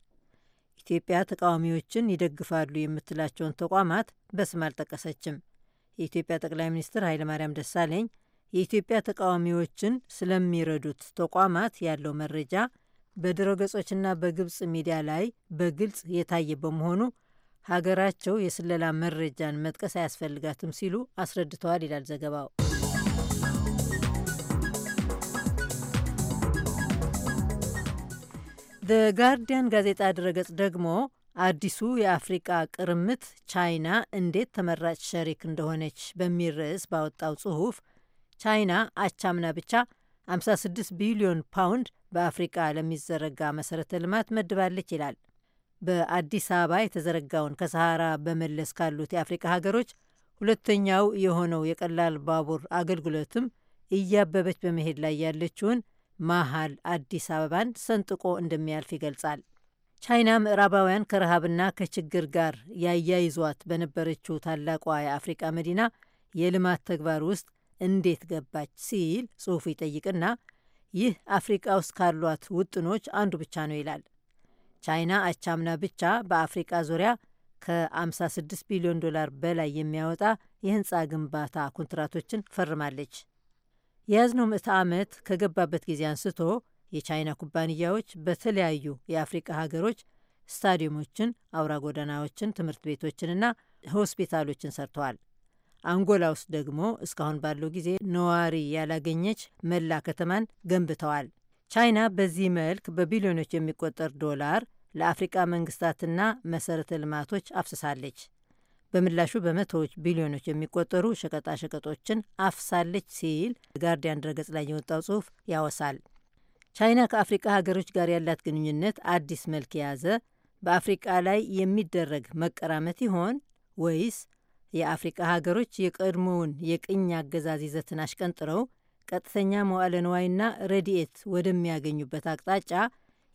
Speaker 7: ኢትዮጵያ ተቃዋሚዎችን ይደግፋሉ የምትላቸውን ተቋማት በስም አልጠቀሰችም። የኢትዮጵያ ጠቅላይ ሚኒስትር ኃይለማርያም ደሳለኝ የኢትዮጵያ ተቃዋሚዎችን ስለሚረዱት ተቋማት ያለው መረጃ በድረገጾችና በግብፅ ሚዲያ ላይ በግልጽ የታየ በመሆኑ ሀገራቸው የስለላ መረጃን መጥቀስ አያስፈልጋትም ሲሉ አስረድተዋል ይላል ዘገባው። ዘ ጋርዲያን ጋዜጣ ድረገጽ ደግሞ አዲሱ የአፍሪቃ ቅርምት ቻይና እንዴት ተመራጭ ሸሪክ እንደሆነች በሚል ርዕስ ባወጣው ጽሑፍ ቻይና አቻምና ብቻ 56 ቢሊዮን ፓውንድ በአፍሪቃ ለሚዘረጋ መሰረተ ልማት መድባለች ይላል። በአዲስ አበባ የተዘረጋውን ከሰሃራ በመለስ ካሉት የአፍሪቃ ሀገሮች ሁለተኛው የሆነው የቀላል ባቡር አገልግሎትም እያበበች በመሄድ ላይ ያለችውን መሀል አዲስ አበባን ሰንጥቆ እንደሚያልፍ ይገልጻል። ቻይና ምዕራባውያን ከረሃብና ከችግር ጋር ያያይዟት በነበረችው ታላቋ የአፍሪቃ መዲና የልማት ተግባር ውስጥ እንዴት ገባች ሲል ጽሑፉ ይጠይቅና ይህ አፍሪቃ ውስጥ ካሏት ውጥኖች አንዱ ብቻ ነው ይላል። ቻይና አቻምና ብቻ በአፍሪቃ ዙሪያ ከ56 ቢሊዮን ዶላር በላይ የሚያወጣ የህንፃ ግንባታ ኮንትራቶችን ፈርማለች። የያዝነው ምዕተ ዓመት ከገባበት ጊዜ አንስቶ የቻይና ኩባንያዎች በተለያዩ የአፍሪቃ ሀገሮች ስታዲየሞችን፣ አውራ ጎዳናዎችን፣ ትምህርት ቤቶችንና ሆስፒታሎችን ሰርተዋል። አንጎላ ውስጥ ደግሞ እስካሁን ባለው ጊዜ ነዋሪ ያላገኘች መላ ከተማን ገንብተዋል። ቻይና በዚህ መልክ በቢሊዮኖች የሚቆጠር ዶላር ለአፍሪቃ መንግስታትና መሰረተ ልማቶች አፍስሳለች። በምላሹ በመቶዎች ቢሊዮኖች የሚቆጠሩ ሸቀጣሸቀጦችን አፍሳለች ሲል ጋርዲያን ድረገጽ ላይ የወጣው ጽሑፍ ያወሳል። ቻይና ከአፍሪቃ ሀገሮች ጋር ያላት ግንኙነት አዲስ መልክ የያዘ በአፍሪቃ ላይ የሚደረግ መቀራመት ይሆን ወይስ የአፍሪቃ ሀገሮች የቀድሞውን የቅኝ አገዛዝ ይዘትን አሽቀንጥረው ቀጥተኛ መዋለ ንዋይና ረድኤት ወደሚያገኙበት አቅጣጫ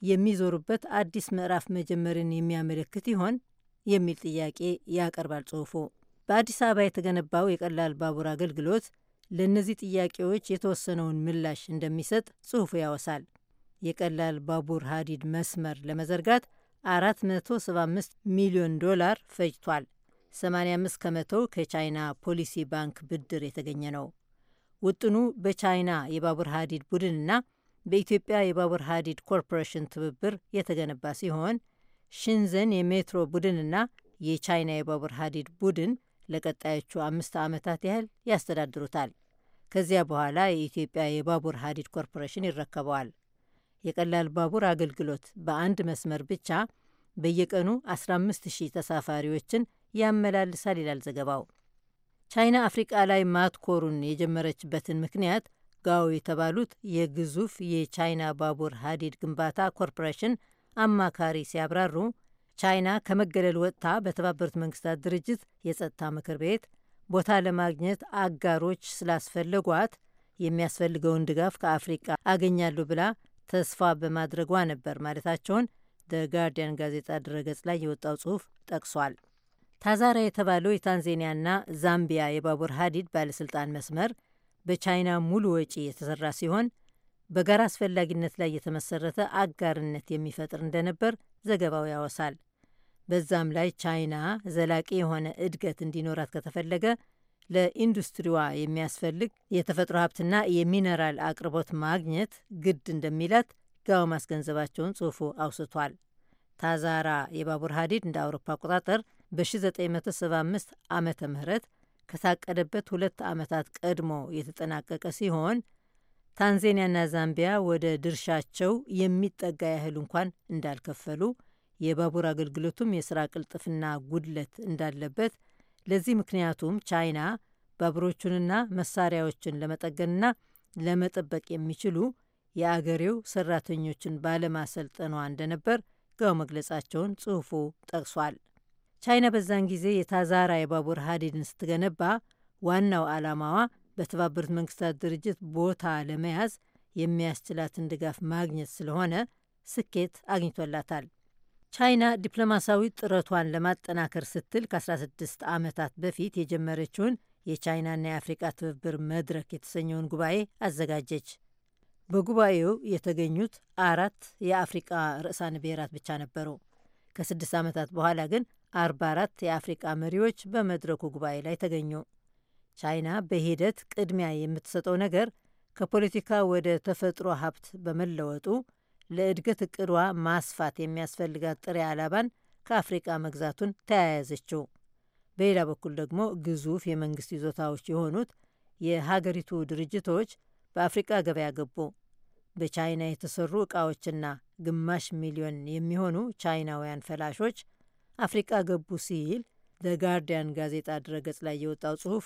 Speaker 7: የሚዞሩበት አዲስ ምዕራፍ መጀመርን የሚያመለክት ይሆን? የሚል ጥያቄ ያቀርባል ጽሁፉ። በአዲስ አበባ የተገነባው የቀላል ባቡር አገልግሎት ለእነዚህ ጥያቄዎች የተወሰነውን ምላሽ እንደሚሰጥ ጽሁፉ ያወሳል። የቀላል ባቡር ሀዲድ መስመር ለመዘርጋት 475 ሚሊዮን ዶላር ፈጅቷል። 85 ከመቶ ከቻይና ፖሊሲ ባንክ ብድር የተገኘ ነው። ውጥኑ በቻይና የባቡር ሀዲድ ቡድንና በኢትዮጵያ የባቡር ሀዲድ ኮርፖሬሽን ትብብር የተገነባ ሲሆን ሽንዘን የሜትሮ ቡድንና የቻይና የባቡር ሀዲድ ቡድን ለቀጣዮቹ አምስት ዓመታት ያህል ያስተዳድሩታል። ከዚያ በኋላ የኢትዮጵያ የባቡር ሀዲድ ኮርፖሬሽን ይረከበዋል። የቀላል ባቡር አገልግሎት በአንድ መስመር ብቻ በየቀኑ 15000 ተሳፋሪዎችን ያመላልሳል ይላል ዘገባው። ቻይና አፍሪቃ ላይ ማትኮሩን የጀመረችበትን ምክንያት ጋው የተባሉት የግዙፍ የቻይና ባቡር ሀዲድ ግንባታ ኮርፖሬሽን አማካሪ ሲያብራሩ ቻይና ከመገለል ወጥታ በተባበሩት መንግስታት ድርጅት የጸጥታ ምክር ቤት ቦታ ለማግኘት አጋሮች ስላስፈለጓት የሚያስፈልገውን ድጋፍ ከአፍሪቃ አገኛሉ ብላ ተስፋ በማድረጓ ነበር ማለታቸውን ደ ጋርዲያን ጋዜጣ ድረገጽ ላይ የወጣው ጽሑፍ ጠቅሷል። ታዛራ የተባለው የታንዜኒያና ዛምቢያ የባቡር ሀዲድ ባለሥልጣን መስመር በቻይና ሙሉ ወጪ የተሰራ ሲሆን በጋራ አስፈላጊነት ላይ የተመሰረተ አጋርነት የሚፈጥር እንደነበር ዘገባው ያወሳል። በዛም ላይ ቻይና ዘላቂ የሆነ እድገት እንዲኖራት ከተፈለገ ለኢንዱስትሪዋ የሚያስፈልግ የተፈጥሮ ሀብትና የሚነራል አቅርቦት ማግኘት ግድ እንደሚላት ጋው ማስገንዘባቸውን ጽሑፉ አውስቷል። ታዛራ የባቡር ሀዲድ እንደ አውሮፓ አቆጣጠር በ1975 ዓመተ ምህረት ከታቀደበት ሁለት ዓመታት ቀድሞ የተጠናቀቀ ሲሆን ታንዛኒያና ዛምቢያ ወደ ድርሻቸው የሚጠጋ ያህል እንኳን እንዳልከፈሉ የባቡር አገልግሎቱም የስራ ቅልጥፍና ጉድለት እንዳለበት፣ ለዚህ ምክንያቱም ቻይና ባቡሮቹንና መሳሪያዎችን ለመጠገንና ለመጠበቅ የሚችሉ የአገሬው ሰራተኞችን ባለማሰልጠኗ እንደነበር ገው መግለጻቸውን ጽሑፉ ጠቅሷል። ቻይና በዛን ጊዜ የታዛራ የባቡር ሀዲድን ስትገነባ ዋናው ዓላማዋ በተባበሩት መንግስታት ድርጅት ቦታ ለመያዝ የሚያስችላትን ድጋፍ ማግኘት ስለሆነ ስኬት አግኝቶላታል። ቻይና ዲፕሎማሲያዊ ጥረቷን ለማጠናከር ስትል ከ16 ዓመታት በፊት የጀመረችውን የቻይናና የአፍሪቃ ትብብር መድረክ የተሰኘውን ጉባኤ አዘጋጀች። በጉባኤው የተገኙት አራት የአፍሪቃ ርዕሳነ ብሔራት ብቻ ነበሩ። ከስድስት ዓመታት በኋላ ግን 44 የአፍሪቃ መሪዎች በመድረኩ ጉባኤ ላይ ተገኙ። ቻይና በሂደት ቅድሚያ የምትሰጠው ነገር ከፖለቲካ ወደ ተፈጥሮ ሀብት በመለወጡ ለእድገት እቅዷ ማስፋት የሚያስፈልጋት ጥሬ አላባን ከአፍሪቃ መግዛቱን ተያያዘችው። በሌላ በኩል ደግሞ ግዙፍ የመንግስት ይዞታዎች የሆኑት የሀገሪቱ ድርጅቶች በአፍሪቃ ገበያ ገቡ። በቻይና የተሰሩ እቃዎችና ግማሽ ሚሊዮን የሚሆኑ ቻይናውያን ፈላሾች አፍሪቃ ገቡ ሲል ዘ ጋርዲያን ጋዜጣ ድረገጽ ላይ የወጣው ጽሑፍ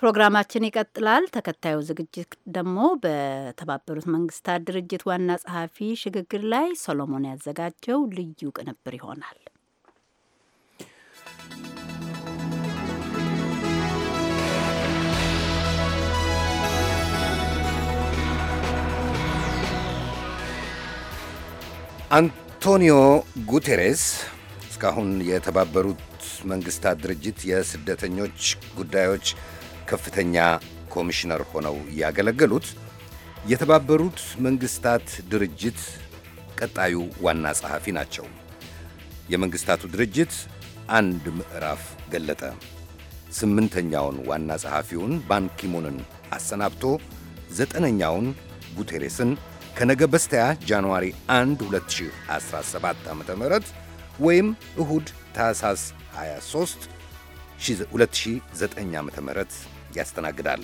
Speaker 1: ፕሮግራማችን ይቀጥላል። ተከታዩ ዝግጅት ደግሞ በተባበሩት መንግስታት ድርጅት ዋና ጸሐፊ ሽግግር ላይ ሰሎሞን ያዘጋጀው ልዩ ቅንብር ይሆናል።
Speaker 2: አንቶኒዮ ጉቴሬስ እስካሁን የተባበሩት መንግስታት ድርጅት የስደተኞች ጉዳዮች ከፍተኛ ኮሚሽነር ሆነው ያገለገሉት የተባበሩት መንግስታት ድርጅት ቀጣዩ ዋና ጸሐፊ ናቸው። የመንግስታቱ ድርጅት አንድ ምዕራፍ ገለጠ። ስምንተኛውን ዋና ጸሐፊውን ባንኪሙንን አሰናብቶ ዘጠነኛውን ጉቴሬስን ከነገ በስቲያ ጃንዋሪ 1 2017 ዓ ም ወይም እሁድ ታህሳስ 23 2009 ዓ ም ያስተናግዳል።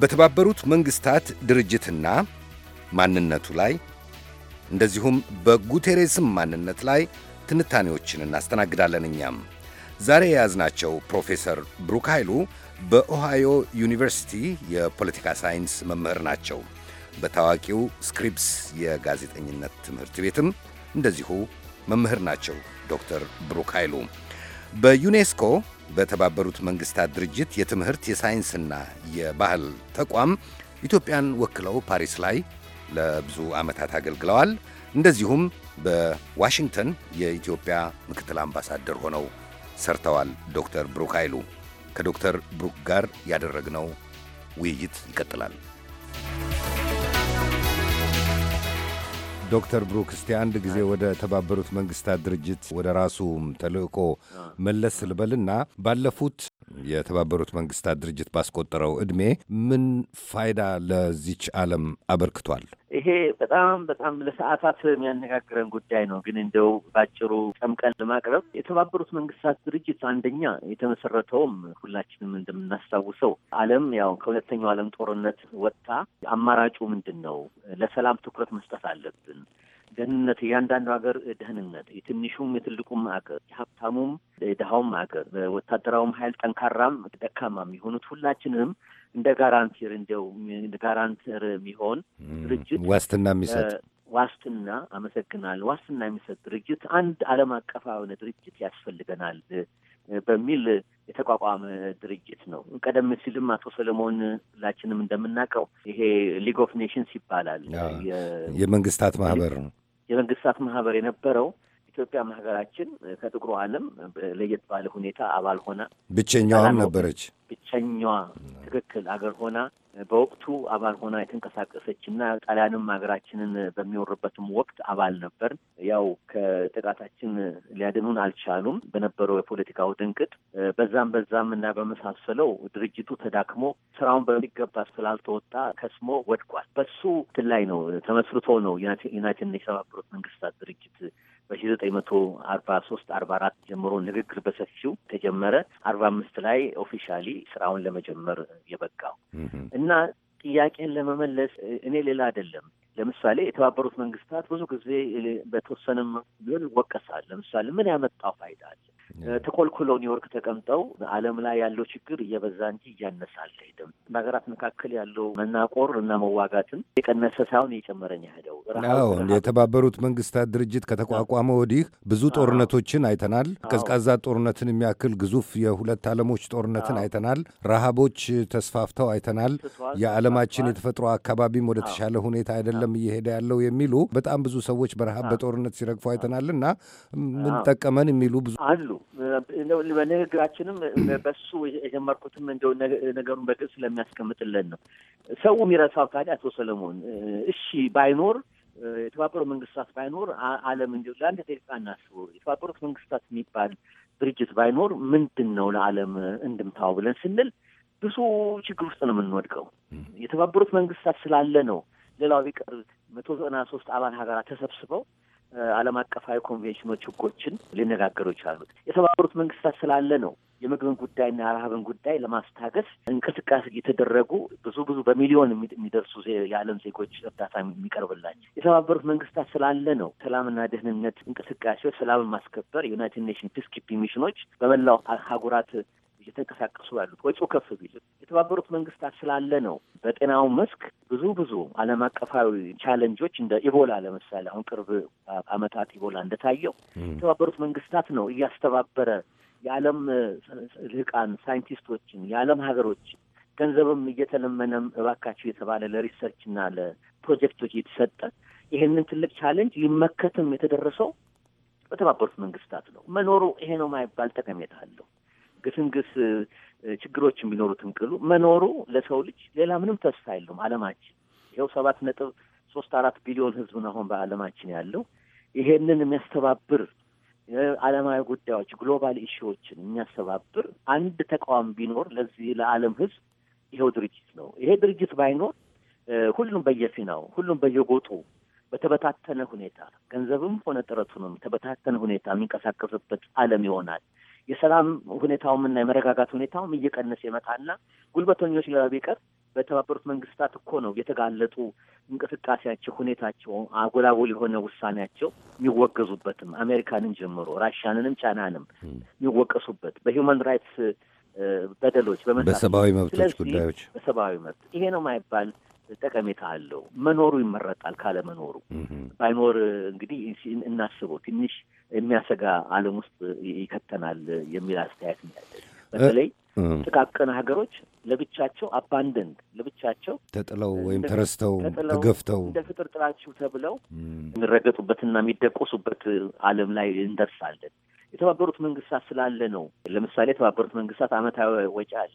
Speaker 2: በተባበሩት መንግስታት ድርጅትና ማንነቱ ላይ እንደዚሁም በጉቴሬስም ማንነት ላይ ትንታኔዎችን እናስተናግዳለን። እኛም ዛሬ የያዝናቸው ፕሮፌሰር ብሩክ ኃይሉ በኦሃዮ ዩኒቨርሲቲ የፖለቲካ ሳይንስ መምህር ናቸው። በታዋቂው ስክሪፕስ የጋዜጠኝነት ትምህርት ቤትም እንደዚሁ መምህር ናቸው። ዶክተር ብሩክ ኃይሉ በዩኔስኮ በተባበሩት መንግስታት ድርጅት የትምህርት የሳይንስና የባህል ተቋም ኢትዮጵያን ወክለው ፓሪስ ላይ ለብዙ ዓመታት አገልግለዋል። እንደዚሁም በዋሽንግተን የኢትዮጵያ ምክትል አምባሳደር ሆነው ሰርተዋል። ዶክተር ብሩክ ኃይሉ ከዶክተር ብሩክ ጋር ያደረግነው ውይይት ይቀጥላል። ዶክተር ብሩክ እስቲ አንድ ጊዜ ወደ ተባበሩት መንግስታት ድርጅት ወደ ራሱ ተልእኮ መለስ ልበልና ባለፉት የተባበሩት መንግስታት ድርጅት ባስቆጠረው ዕድሜ ምን ፋይዳ ለዚች ዓለም አበርክቷል?
Speaker 8: ይሄ በጣም በጣም ለሰዓታት የሚያነጋግረን ጉዳይ ነው። ግን እንደው ባጭሩ ጨምቀን ለማቅረብ የተባበሩት መንግስታት ድርጅት አንደኛ የተመሰረተውም ሁላችንም እንደምናስታውሰው ዓለም ያው ከሁለተኛው ዓለም ጦርነት ወጥታ አማራጩ ምንድን ነው? ለሰላም ትኩረት መስጠት አለብን። ደህንነት፣ እያንዳንዱ ሀገር ደህንነት፣ የትንሹም የትልቁም ሀገር፣ የሀብታሙም የድሃውም ሀገር፣ በወታደራዊም ኃይል ጠንካራም ደካማም የሆኑት ሁላችንም እንደ ጋራንቲር እንዲያው ጋራንቲር የሚሆን
Speaker 2: ድርጅት ዋስትና የሚሰጥ
Speaker 8: ዋስትና አመሰግናል ዋስትና የሚሰጥ ድርጅት አንድ ዓለም አቀፋ የሆነ ድርጅት ያስፈልገናል በሚል የተቋቋመ ድርጅት ነው። ቀደም ሲልም አቶ ሰለሞን ሁላችንም እንደምናውቀው ይሄ ሊግ ኦፍ ኔሽንስ ይባላል
Speaker 2: የመንግስታት ማህበር ነው።
Speaker 8: የመንግስታት ማህበር የነበረው ኢትዮጵያም ሀገራችን ከጥቁሩ ዓለም ለየት ባለ ሁኔታ አባል ሆና
Speaker 2: ብቸኛዋም ነበረች።
Speaker 8: ብቸኛዋ ትክክል አገር ሆና በወቅቱ አባል ሆና የተንቀሳቀሰች እና ጣሊያንም ሀገራችንን በሚወርበትም ወቅት አባል ነበር። ያው ከጥቃታችን ሊያድኑን አልቻሉም በነበረው የፖለቲካው ድንቅጥ በዛም በዛም እና በመሳሰለው ድርጅቱ ተዳክሞ ስራውን በሚገባ ስላልተወጣ ከስሞ ወድቋል። በሱ ትን ላይ ነው ተመስርቶ ነው ዩናይትድ የተባበሩት መንግስታት ድርጅት በሺ ዘጠኝ መቶ አርባ ሶስት አርባ አራት ጀምሮ ንግግር በሰፊው ተጀመረ። አርባ አምስት ላይ ኦፊሻሊ ስራውን ለመጀመር የበቃው እና ጥያቄን ለመመለስ እኔ ሌላ አይደለም ለምሳሌ የተባበሩት መንግስታት ብዙ ጊዜ በተወሰነም ቢሆን ይወቀሳል። ለምሳሌ ምን ያመጣው ፋይዳ አለ? ተኮልኩለው ኒውዮርክ ተቀምጠው ዓለም ላይ ያለው ችግር እየበዛ እንጂ እያነሳ አልሄደም። በሀገራት መካከል ያለው መናቆር እና መዋጋትን የቀነሰ ሳይሆን እየጨመረ ነው የሄደው።
Speaker 2: የተባበሩት መንግስታት ድርጅት ከተቋቋመ ወዲህ ብዙ ጦርነቶችን አይተናል። ቀዝቃዛ ጦርነትን የሚያክል ግዙፍ የሁለት ዓለሞች ጦርነትን አይተናል። ረሃቦች ተስፋፍተው አይተናል። የዓለማችን የተፈጥሮ አካባቢም ወደ ተሻለ ሁኔታ አይደለም አይደለም እየሄደ ያለው የሚሉ በጣም ብዙ ሰዎች በረሃብ በጦርነት ሲረግፉ አይተናል። እና ምን ጠቀመን የሚሉ ብዙ አሉ።
Speaker 8: በንግግራችንም በሱ የጀመርኩትም እንደው ነገሩን በግልጽ ስለሚያስቀምጥለን ነው። ሰው የሚረሳው ታዲያ አቶ ሰለሞን እሺ ባይኖር የተባበሩ መንግስታት ባይኖር ዓለም እንዲ ለአንድ ደቂቃ እናስበው። የተባበሩት መንግስታት የሚባል ድርጅት ባይኖር ምንድን ነው ለዓለም እንድምታው ብለን ስንል ብዙ ችግር ውስጥ ነው የምንወድቀው። የተባበሩት መንግስታት ስላለ ነው ሌላው ቢቀር መቶ ዘጠና ሶስት አባል ሀገራት ተሰብስበው ዓለም አቀፋዊ ኮንቬንሽኖች ህጎችን ሊነጋገሩ ይችላሉት የተባበሩት መንግስታት ስላለ ነው። የምግብን ጉዳይና ረሃብን ጉዳይ ለማስታገስ እንቅስቃሴ የተደረጉ ብዙ ብዙ በሚሊዮን የሚደርሱ የዓለም ዜጎች እርዳታ የሚቀርብላቸው የተባበሩት መንግስታት ስላለ ነው። ሰላምና ደህንነት እንቅስቃሴዎች፣ ሰላምን ማስከበር የዩናይትድ ኔሽን ፒስኪፒ ሚሽኖች በመላው አህጉራት የተንቀሳቀሱ ያሉት ወጪው ከፍ ቢል የተባበሩት መንግስታት ስላለ ነው። በጤናው መስክ ብዙ ብዙ ዓለም አቀፋዊ ቻለንጆች እንደ ኢቦላ ለምሳሌ አሁን ቅርብ ዓመታት ኢቦላ እንደታየው የተባበሩት መንግስታት ነው እያስተባበረ የዓለም ልህቃን ሳይንቲስቶችን የዓለም ሀገሮች ገንዘብም እየተለመነም እባካቸው የተባለ ለሪሰርች እና ለፕሮጀክቶች እየተሰጠ ይህንን ትልቅ ቻለንጅ ሊመከትም የተደረሰው በተባበሩት መንግስታት ነው። መኖሩ ይሄ ነው ማይባል ጠቀሜታ አለው። ግስንግስ ችግሮች የሚኖሩትን ቅሉ መኖሩ ለሰው ልጅ ሌላ ምንም ተስፋ የለውም። አለማችን ይኸው ሰባት ነጥብ ሶስት አራት ቢሊዮን ህዝብ ነው አሁን በአለማችን ያለው። ይሄንን የሚያስተባብር ዓለማዊ ጉዳዮች ግሎባል ኢሽዎችን የሚያስተባብር አንድ ተቃዋም ቢኖር ለዚህ ለአለም ህዝብ ይኸው ድርጅት ነው። ይሄ ድርጅት ባይኖር ሁሉም በየፊናው ሁሉም በየጎጡ በተበታተነ ሁኔታ ገንዘብም ሆነ ጥረቱንም ተበታተነ ሁኔታ የሚንቀሳቀስበት አለም ይሆናል። የሰላም ሁኔታውም እና የመረጋጋት ሁኔታውም እየቀነሰ ይመጣና ጉልበተኞች ጋር ቢቀር በተባበሩት መንግስታት እኮ ነው የተጋለጡ እንቅስቃሴያቸው፣ ሁኔታቸው፣ አጎላጎል የሆነ ውሳኔያቸው የሚወገዙበትም አሜሪካንን ጀምሮ ራሽያንንም ቻናንም የሚወቀሱበት በሂውማን ራይትስ በደሎች በሰብአዊ መብቶች ጉዳዮች በሰብአዊ መብት ይሄ ነው ማይባል ጠቀሜታ አለው። መኖሩ ይመረጣል ካለመኖሩ ባይኖር እንግዲህ እናስበው ትንሽ የሚያሰጋ ዓለም ውስጥ ይከተናል የሚል አስተያየት ነው ያለ። በተለይ ጥቃቅን ሀገሮች ለብቻቸው አባንደንድ ለብቻቸው
Speaker 2: ተጥለው ወይም ተረስተው
Speaker 8: ተገፍተው እንደ ፍጥር ጥላችሁ ተብለው የሚረገጡበትና የሚደቆሱበት ዓለም ላይ እንደርሳለን። የተባበሩት መንግስታት ስላለ ነው። ለምሳሌ የተባበሩት መንግስታት አመታዊ ወጪ አለ።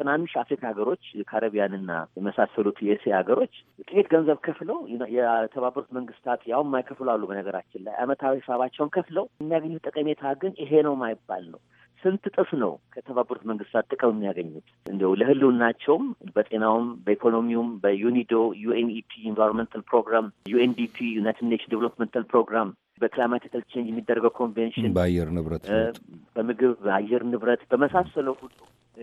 Speaker 8: ትናንሽ አፍሪካ ሀገሮች ካረቢያንና የመሳሰሉት የእስያ ሀገሮች ጥቂት ገንዘብ ከፍለው የተባበሩት መንግስታት ያውም ማይከፍሉ አሉ። በነገራችን ላይ አመታዊ ሂሳባቸውን ከፍለው የሚያገኙት ጠቀሜታ ግን ይሄ ነው ማይባል ነው። ስንት ጥፍ ነው ከተባበሩት መንግስታት ጥቅም የሚያገኙት? እንዲው ለህልውናቸውም፣ በጤናውም፣ በኢኮኖሚውም፣ በዩኒዶ ዩኤንኢፒ ኢንቫይሮንመንታል ፕሮግራም፣ ዩኤንዲፒ ዩናይትድ ኔሽን ዴቨሎፕመንታል ፕሮግራም በክላይማቲካል ቼንጅ የሚደረገው ኮንቬንሽን፣
Speaker 2: በአየር ንብረት
Speaker 8: በምግብ በአየር ንብረት በመሳሰለው ሁሉ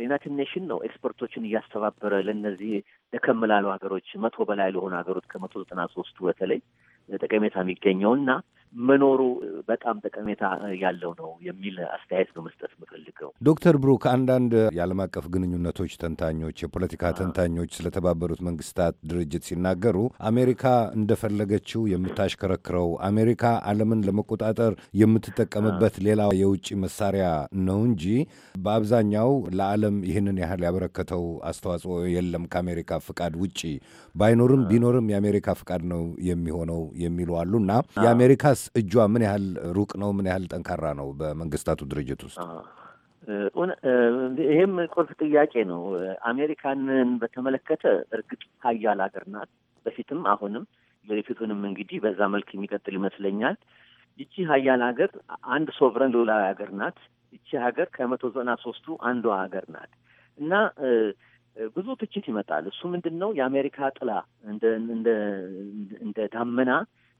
Speaker 8: ዩናይትድ ኔሽን ነው ኤክስፐርቶችን እያስተባበረ ለእነዚህ ደከም ላሉ ሀገሮች መቶ በላይ ለሆኑ ሀገሮች ከመቶ ዘጠና ሶስቱ በተለይ ጠቀሜታ የሚገኘው እና መኖሩ በጣም ጠቀሜታ ያለው ነው የሚል አስተያየት ነው መስጠት የምፈልገው።
Speaker 2: ዶክተር ብሩክ አንዳንድ የዓለም አቀፍ ግንኙነቶች ተንታኞች፣ የፖለቲካ ተንታኞች ስለተባበሩት መንግስታት ድርጅት ሲናገሩ አሜሪካ እንደፈለገችው የምታሽከረክረው አሜሪካ ዓለምን ለመቆጣጠር የምትጠቀምበት ሌላ የውጭ መሳሪያ ነው እንጂ በአብዛኛው ለዓለም ይህንን ያህል ያበረከተው አስተዋጽኦ የለም ከአሜሪካ ፍቃድ ውጭ ባይኖርም ቢኖርም የአሜሪካ ፍቃድ ነው የሚሆነው የሚሉ እና የአሜሪካ እጇ ምን ያህል ሩቅ ነው? ምን ያህል ጠንካራ ነው? በመንግስታቱ ድርጅት ውስጥ
Speaker 8: ይህም ቁልፍ ጥያቄ ነው። አሜሪካንን በተመለከተ እርግጥ ሀያል ሀገር ናት። በፊትም አሁንም ወደፊቱንም እንግዲህ በዛ መልክ የሚቀጥል ይመስለኛል። ይቺ ሀያል ሀገር አንድ ሶቨረን ሉዓላዊ ሀገር ናት። ይቺ ሀገር ከመቶ ዘጠና ሶስቱ አንዷ ሀገር ናት እና ብዙ ትችት ይመጣል። እሱ ምንድን ነው የአሜሪካ ጥላ እንደ እንደ እንደ ዳመና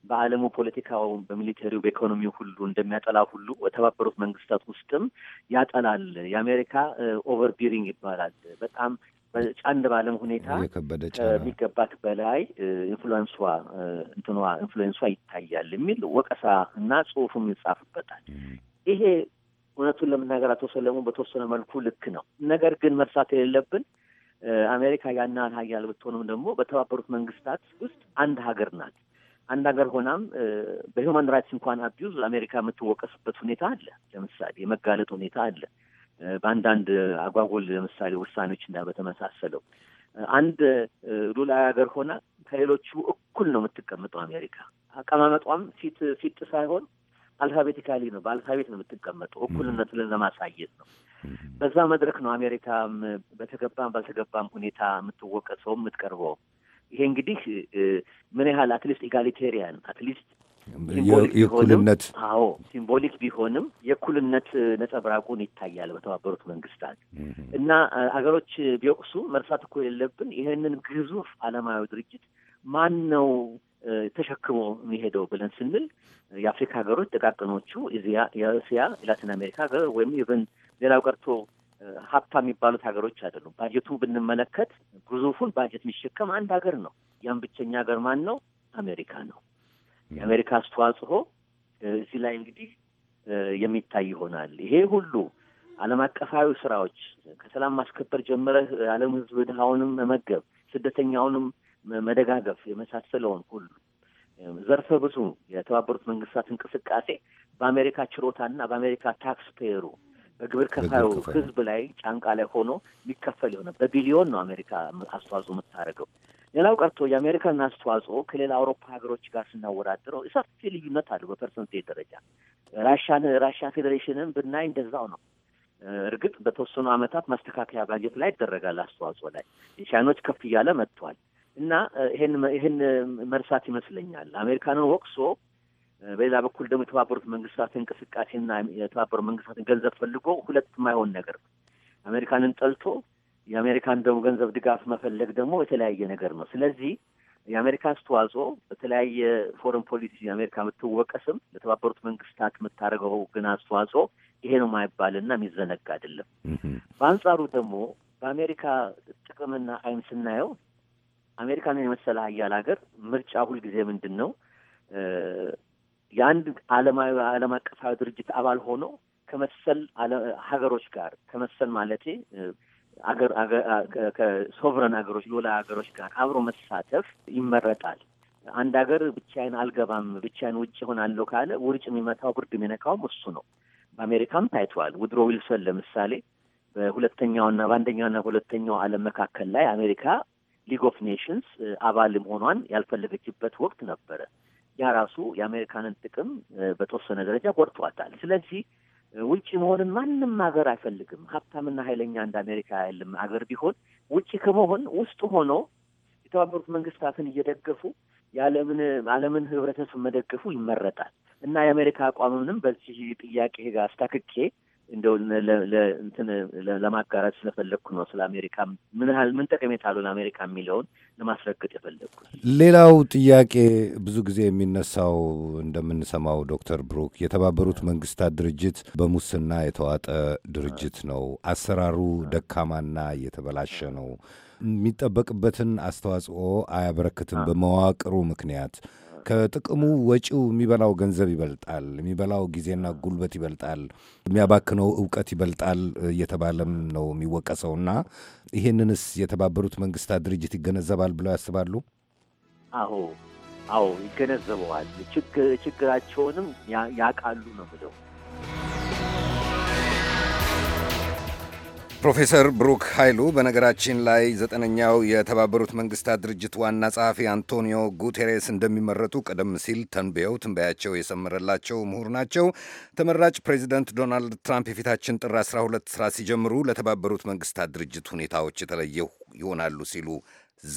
Speaker 8: በዓለሙ ፖለቲካው፣ በሚሊተሪው፣ በኢኮኖሚው ሁሉ እንደሚያጠላ ሁሉ በተባበሩት መንግስታት ውስጥም ያጠላል። የአሜሪካ ኦቨርቢሪንግ ይባላል። በጣም ጫንድ ባለም ሁኔታ ከሚገባት በላይ ኢንፍሉዌንሷ እንትኗ ኢንፍሉዌንሷ ይታያል የሚል ወቀሳ እና ጽሁፍም ይጻፍበታል። ይሄ እውነቱን ለመናገር አቶ ሰለሞን በተወሰነ መልኩ ልክ ነው። ነገር ግን መርሳት የሌለብን አሜሪካ ያን ሀያል ብትሆንም ደግሞ በተባበሩት መንግስታት ውስጥ አንድ ሀገር ናት። አንድ ሀገር ሆናም በሂውማን ራይትስ እንኳን አቢዩዝ አሜሪካ የምትወቀስበት ሁኔታ አለ። ለምሳሌ የመጋለጥ ሁኔታ አለ። በአንዳንድ አጓጎል ለምሳሌ ውሳኔዎች እና በተመሳሰለው አንድ ሉላዊ ሀገር ሆና ከሌሎቹ እኩል ነው የምትቀመጠው አሜሪካ። አቀማመጧም ፊት ፊት ሳይሆን አልፋቤቲካሊ ነው፣ በአልፋቤት ነው የምትቀመጠው። እኩልነትን ለማሳየት ነው። በዛ መድረክ ነው አሜሪካ በተገባም ባልተገባም ሁኔታ የምትወቀሰው የምትቀርበው። ይሄ እንግዲህ ምን ያህል አትሊስት ኢጋሊቴሪያን አትሊስት
Speaker 2: የእኩልነት
Speaker 8: አዎ ሲምቦሊክ ቢሆንም የእኩልነት ነጸብራቁን ይታያል በተባበሩት መንግስታት እና አገሮች ቢወቅሱ መርሳት እኮ የለብን ይህንን ግዙፍ አለማዊ ድርጅት ማን ነው ተሸክሞ የሚሄደው ብለን ስንል የአፍሪካ ሀገሮች ጥቃቅኖቹ፣ የእስያ የላቲን አሜሪካ ሀገር ወይም ኢቨን ሌላው ቀርቶ ሀብታም የሚባሉት ሀገሮች አይደሉም። ባጀቱ ብንመለከት ግዙፉን ባጀት የሚሸከም አንድ ሀገር ነው። ያም ብቸኛ ሀገር ማን ነው? አሜሪካ ነው። የአሜሪካ አስተዋጽኦ እዚህ ላይ እንግዲህ የሚታይ ይሆናል። ይሄ ሁሉ ዓለም አቀፋዊ ስራዎች ከሰላም ማስከበር ጀምረህ ዓለም ህዝብ ድሃውንም መመገብ ስደተኛውንም መደጋገፍ የመሳሰለውን ሁሉ ዘርፈ ብዙ የተባበሩት መንግስታት እንቅስቃሴ በአሜሪካ ችሮታና በአሜሪካ ታክስ ፔየሩ በግብር ከፋዩ ህዝብ ላይ ጫንቃ ላይ ሆኖ የሚከፈል የሆነ በቢሊዮን ነው አሜሪካ አስተዋጽኦ የምታደርገው። ሌላው ቀርቶ የአሜሪካን አስተዋጽኦ ከሌላ አውሮፓ ሀገሮች ጋር ስናወዳድረው ሰፊ ልዩነት አለው በፐርሰንቴጅ ደረጃ። ራሻን ራሻ ፌዴሬሽንን ብናይ እንደዛው ነው። እርግጥ በተወሰኑ ዓመታት ማስተካከያ ባጀት ላይ ይደረጋል አስተዋጽኦ ላይ ቻይኖች ከፍ እያለ መጥቷል እና ይህን ይህን መርሳት ይመስለኛል አሜሪካንን ወቅሶ በሌላ በኩል ደግሞ የተባበሩት መንግስታት እንቅስቃሴና የተባበሩት መንግስታትን ገንዘብ ፈልጎ ሁለት የማይሆን ነገር አሜሪካንን ጠልቶ የአሜሪካን ደግሞ ገንዘብ ድጋፍ መፈለግ ደግሞ የተለያየ ነገር ነው። ስለዚህ የአሜሪካ አስተዋጽኦ በተለያየ ፎረን ፖሊሲ የአሜሪካ የምትወቀስም ለተባበሩት መንግስታት የምታደርገው ግን አስተዋጽኦ ይሄ ነው ማይባልና የሚዘነጋ አይደለም። በአንጻሩ ደግሞ በአሜሪካ ጥቅምና አይን ስናየው አሜሪካንን የመሰለ ሀያል ሀገር ምርጫ ሁልጊዜ ምንድን ነው የአንድ ዓለማዊ ዓለም አቀፋዊ ድርጅት አባል ሆኖ ከመሰል ሀገሮች ጋር ከመሰል ማለቴ አገር ከሶቨረን ሀገሮች ሎላ ሀገሮች ጋር አብሮ መሳተፍ ይመረጣል። አንድ ሀገር ብቻዬን አልገባም ብቻዬን ውጭ ሆናለሁ ካለ ውርጭ የሚመታው ብርድ የሚነካውም እሱ ነው። በአሜሪካም ታይቷል። ውድሮ ዊልሰን ለምሳሌ በሁለተኛውና በአንደኛውና በሁለተኛው ዓለም መካከል ላይ አሜሪካ ሊግ ኦፍ ኔሽንስ አባልም ሆኗን ያልፈለገችበት ወቅት ነበረ። ያ ራሱ የአሜሪካንን ጥቅም በተወሰነ ደረጃ ጎድቷታል። ስለዚህ ውጭ መሆንን ማንም ሀገር አይፈልግም። ሀብታምና ኃይለኛ እንደ አሜሪካ ያለም ሀገር ቢሆን ውጭ ከመሆን ውስጥ ሆኖ የተባበሩት መንግስታትን እየደገፉ የዓለምን ዓለምን ህብረተሰብ መደገፉ ይመረጣል እና የአሜሪካ አቋምንም በዚህ ጥያቄ ጋር አስታክኬ እንደው እንትን ለማጋራት ስለፈለግኩ ነው። ስለ አሜሪካ ምን ያህል ምን ጠቀሜታ አለው ለአሜሪካ የሚለውን ለማስረገጥ የፈለግኩ።
Speaker 4: ሌላው
Speaker 2: ጥያቄ ብዙ ጊዜ የሚነሳው እንደምንሰማው ዶክተር ብሩክ የተባበሩት መንግስታት ድርጅት በሙስና የተዋጠ ድርጅት ነው። አሰራሩ ደካማና የተበላሸ ነው። የሚጠበቅበትን አስተዋጽኦ አያበረክትም በመዋቅሩ ምክንያት ከጥቅሙ ወጪው የሚበላው ገንዘብ ይበልጣል፣ የሚበላው ጊዜና ጉልበት ይበልጣል፣ የሚያባክነው እውቀት ይበልጣል እየተባለም ነው የሚወቀሰው እና ይሄንንስ የተባበሩት መንግስታት ድርጅት ይገነዘባል ብለው ያስባሉ?
Speaker 8: አዎ አዎ፣ ይገነዘበዋል። ችግራቸውንም ያውቃሉ ነው ብለው
Speaker 2: ፕሮፌሰር ብሩክ ኃይሉ በነገራችን ላይ ዘጠነኛው የተባበሩት መንግስታት ድርጅት ዋና ጸሐፊ አንቶኒዮ ጉቴሬስ እንደሚመረጡ ቀደም ሲል ተንብየው ትንበያቸው የሰመረላቸው ምሁር ናቸው። ተመራጭ ፕሬዚደንት ዶናልድ ትራምፕ የፊታችን ጥር 12 ስራ ሲጀምሩ ለተባበሩት መንግስታት ድርጅት ሁኔታዎች የተለየ ይሆናሉ ሲሉ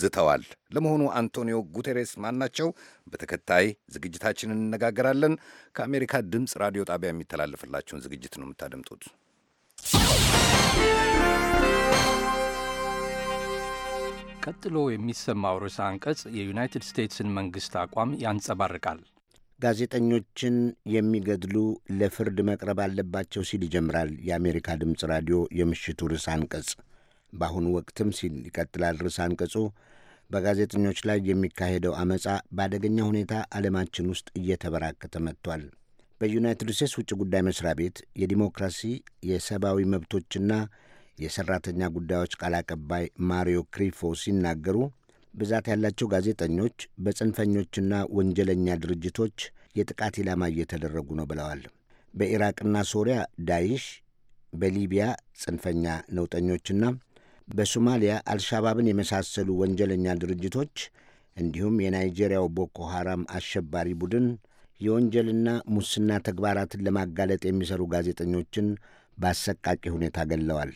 Speaker 2: ዝተዋል። ለመሆኑ አንቶኒዮ ጉቴሬስ ማን ናቸው? በተከታይ ዝግጅታችን እንነጋገራለን። ከአሜሪካ ድምፅ ራዲዮ ጣቢያ የሚተላለፍላችሁን ዝግጅት ነው የምታደምጡት። ቀጥሎ የሚሰማው ርዕሰ አንቀጽ የዩናይትድ
Speaker 7: ስቴትስን
Speaker 3: መንግሥት አቋም ያንጸባርቃል።
Speaker 5: ጋዜጠኞችን የሚገድሉ ለፍርድ መቅረብ አለባቸው ሲል ይጀምራል የአሜሪካ ድምፅ ራዲዮ የምሽቱ ርዕሰ አንቀጽ። በአሁኑ ወቅትም ሲል ይቀጥላል ርዕሰ አንቀጹ በጋዜጠኞች ላይ የሚካሄደው አመፃ በአደገኛ ሁኔታ ዓለማችን ውስጥ እየተበራከተ መጥቷል። በዩናይትድ ስቴትስ ውጭ ጉዳይ መስሪያ ቤት የዲሞክራሲ የሰብአዊ መብቶችና የሰራተኛ ጉዳዮች ቃል አቀባይ ማሪዮ ክሪፎ ሲናገሩ ብዛት ያላቸው ጋዜጠኞች በጽንፈኞችና ወንጀለኛ ድርጅቶች የጥቃት ኢላማ እየተደረጉ ነው ብለዋል። በኢራቅና ሶሪያ ዳይሽ፣ በሊቢያ ጽንፈኛ ነውጠኞችና በሶማሊያ አልሻባብን የመሳሰሉ ወንጀለኛ ድርጅቶች እንዲሁም የናይጄሪያው ቦኮ ሐራም አሸባሪ ቡድን የወንጀልና ሙስና ተግባራትን ለማጋለጥ የሚሰሩ ጋዜጠኞችን በአሰቃቂ ሁኔታ ገለዋል።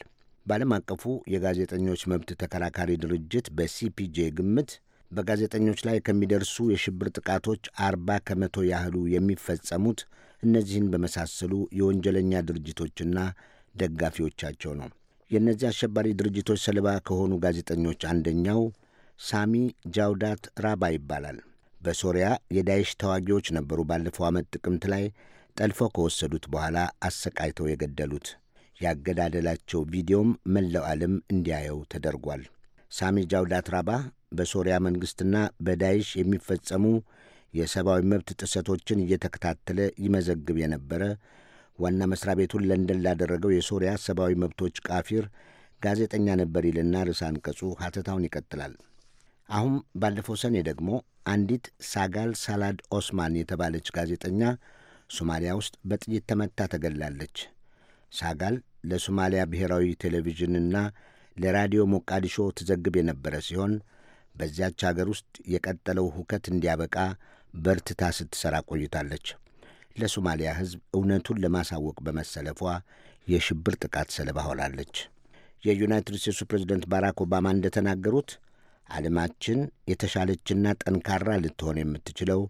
Speaker 5: በዓለም አቀፉ የጋዜጠኞች መብት ተከራካሪ ድርጅት በሲፒጄ ግምት በጋዜጠኞች ላይ ከሚደርሱ የሽብር ጥቃቶች አርባ ከመቶ ያህሉ የሚፈጸሙት እነዚህን በመሳሰሉ የወንጀለኛ ድርጅቶችና ደጋፊዎቻቸው ነው። የእነዚህ አሸባሪ ድርጅቶች ሰለባ ከሆኑ ጋዜጠኞች አንደኛው ሳሚ ጃውዳት ራባ ይባላል። በሶሪያ የዳይሽ ተዋጊዎች ነበሩ ባለፈው ዓመት ጥቅምት ላይ ጠልፈው ከወሰዱት በኋላ አሰቃይተው የገደሉት። ያገዳደላቸው ቪዲዮም መላው ዓለም እንዲያየው ተደርጓል። ሳሚ ጃውዳት ራባ በሶሪያ መንግሥትና በዳይሽ የሚፈጸሙ የሰብአዊ መብት ጥሰቶችን እየተከታተለ ይመዘግብ የነበረ ዋና መሥሪያ ቤቱን ለንደን ላደረገው የሶሪያ ሰብአዊ መብቶች ቃፊር ጋዜጠኛ ነበር ይልና ርዕሰ አንቀጹ ሐተታውን ይቀጥላል። አሁን ባለፈው ሰኔ ደግሞ አንዲት ሳጋል ሳላድ ኦስማን የተባለች ጋዜጠኛ ሶማሊያ ውስጥ በጥይት ተመታ ተገላለች። ሳጋል ለሶማሊያ ብሔራዊ ቴሌቪዥንና ለራዲዮ ሞቃዲሾ ትዘግብ የነበረ ሲሆን በዚያች አገር ውስጥ የቀጠለው ሁከት እንዲያበቃ በርትታ ስትሠራ ቆይታለች። ለሶማሊያ ሕዝብ እውነቱን ለማሳወቅ በመሰለፏ የሽብር ጥቃት ሰለባ ሆናለች። የዩናይትድ ስቴትሱ ፕሬዝደንት ባራክ ኦባማ እንደተናገሩት ዓለማችን የተሻለችና ጠንካራ ልትሆን የምትችለው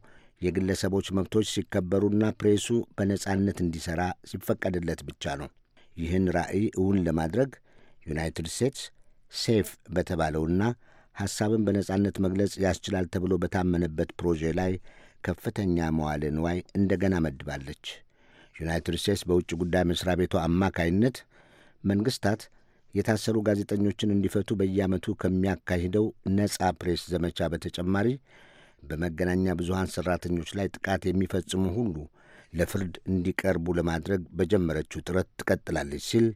Speaker 5: የግለሰቦች መብቶች ሲከበሩና ፕሬሱ በነጻነት እንዲሠራ ሲፈቀድለት ብቻ ነው። ይህን ራዕይ እውን ለማድረግ ዩናይትድ ስቴትስ ሴፍ በተባለውና ሐሳብን በነጻነት መግለጽ ያስችላል ተብሎ በታመነበት ፕሮጄ ላይ ከፍተኛ መዋለ ንዋይ እንደገና መድባለች። ዩናይትድ ስቴትስ በውጭ ጉዳይ መሥሪያ ቤቷ አማካይነት መንግሥታት የታሰሩ ጋዜጠኞችን እንዲፈቱ በየዓመቱ ከሚያካሂደው ነጻ ፕሬስ ዘመቻ በተጨማሪ በመገናኛ ብዙሃን ሠራተኞች ላይ ጥቃት የሚፈጽሙ ሁሉ ለፍርድ እንዲቀርቡ ለማድረግ በጀመረችው ጥረት ትቀጥላለች ሲል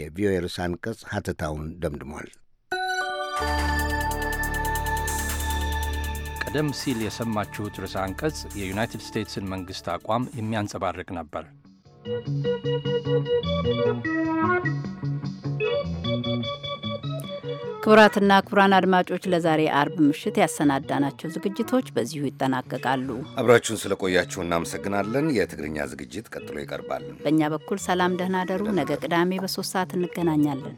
Speaker 5: የቪኦኤ ርዕሰ አንቀጽ ሐተታውን
Speaker 7: ደምድሟል። ቀደም ሲል የሰማችሁት ርዕሰ አንቀጽ የዩናይትድ ስቴትስን መንግሥት አቋም የሚያንጸባርቅ ነበር።
Speaker 1: ክቡራትና ክቡራን አድማጮች ለዛሬ አርብ ምሽት ያሰናዳናቸው ዝግጅቶች በዚሁ ይጠናቀቃሉ።
Speaker 2: አብራችሁን ስለቆያችሁ እናመሰግናለን። የትግርኛ ዝግጅት ቀጥሎ ይቀርባል።
Speaker 1: በእኛ በኩል ሰላም፣ ደህና ደሩ። ነገ ቅዳሜ በሶስት ሰዓት እንገናኛለን።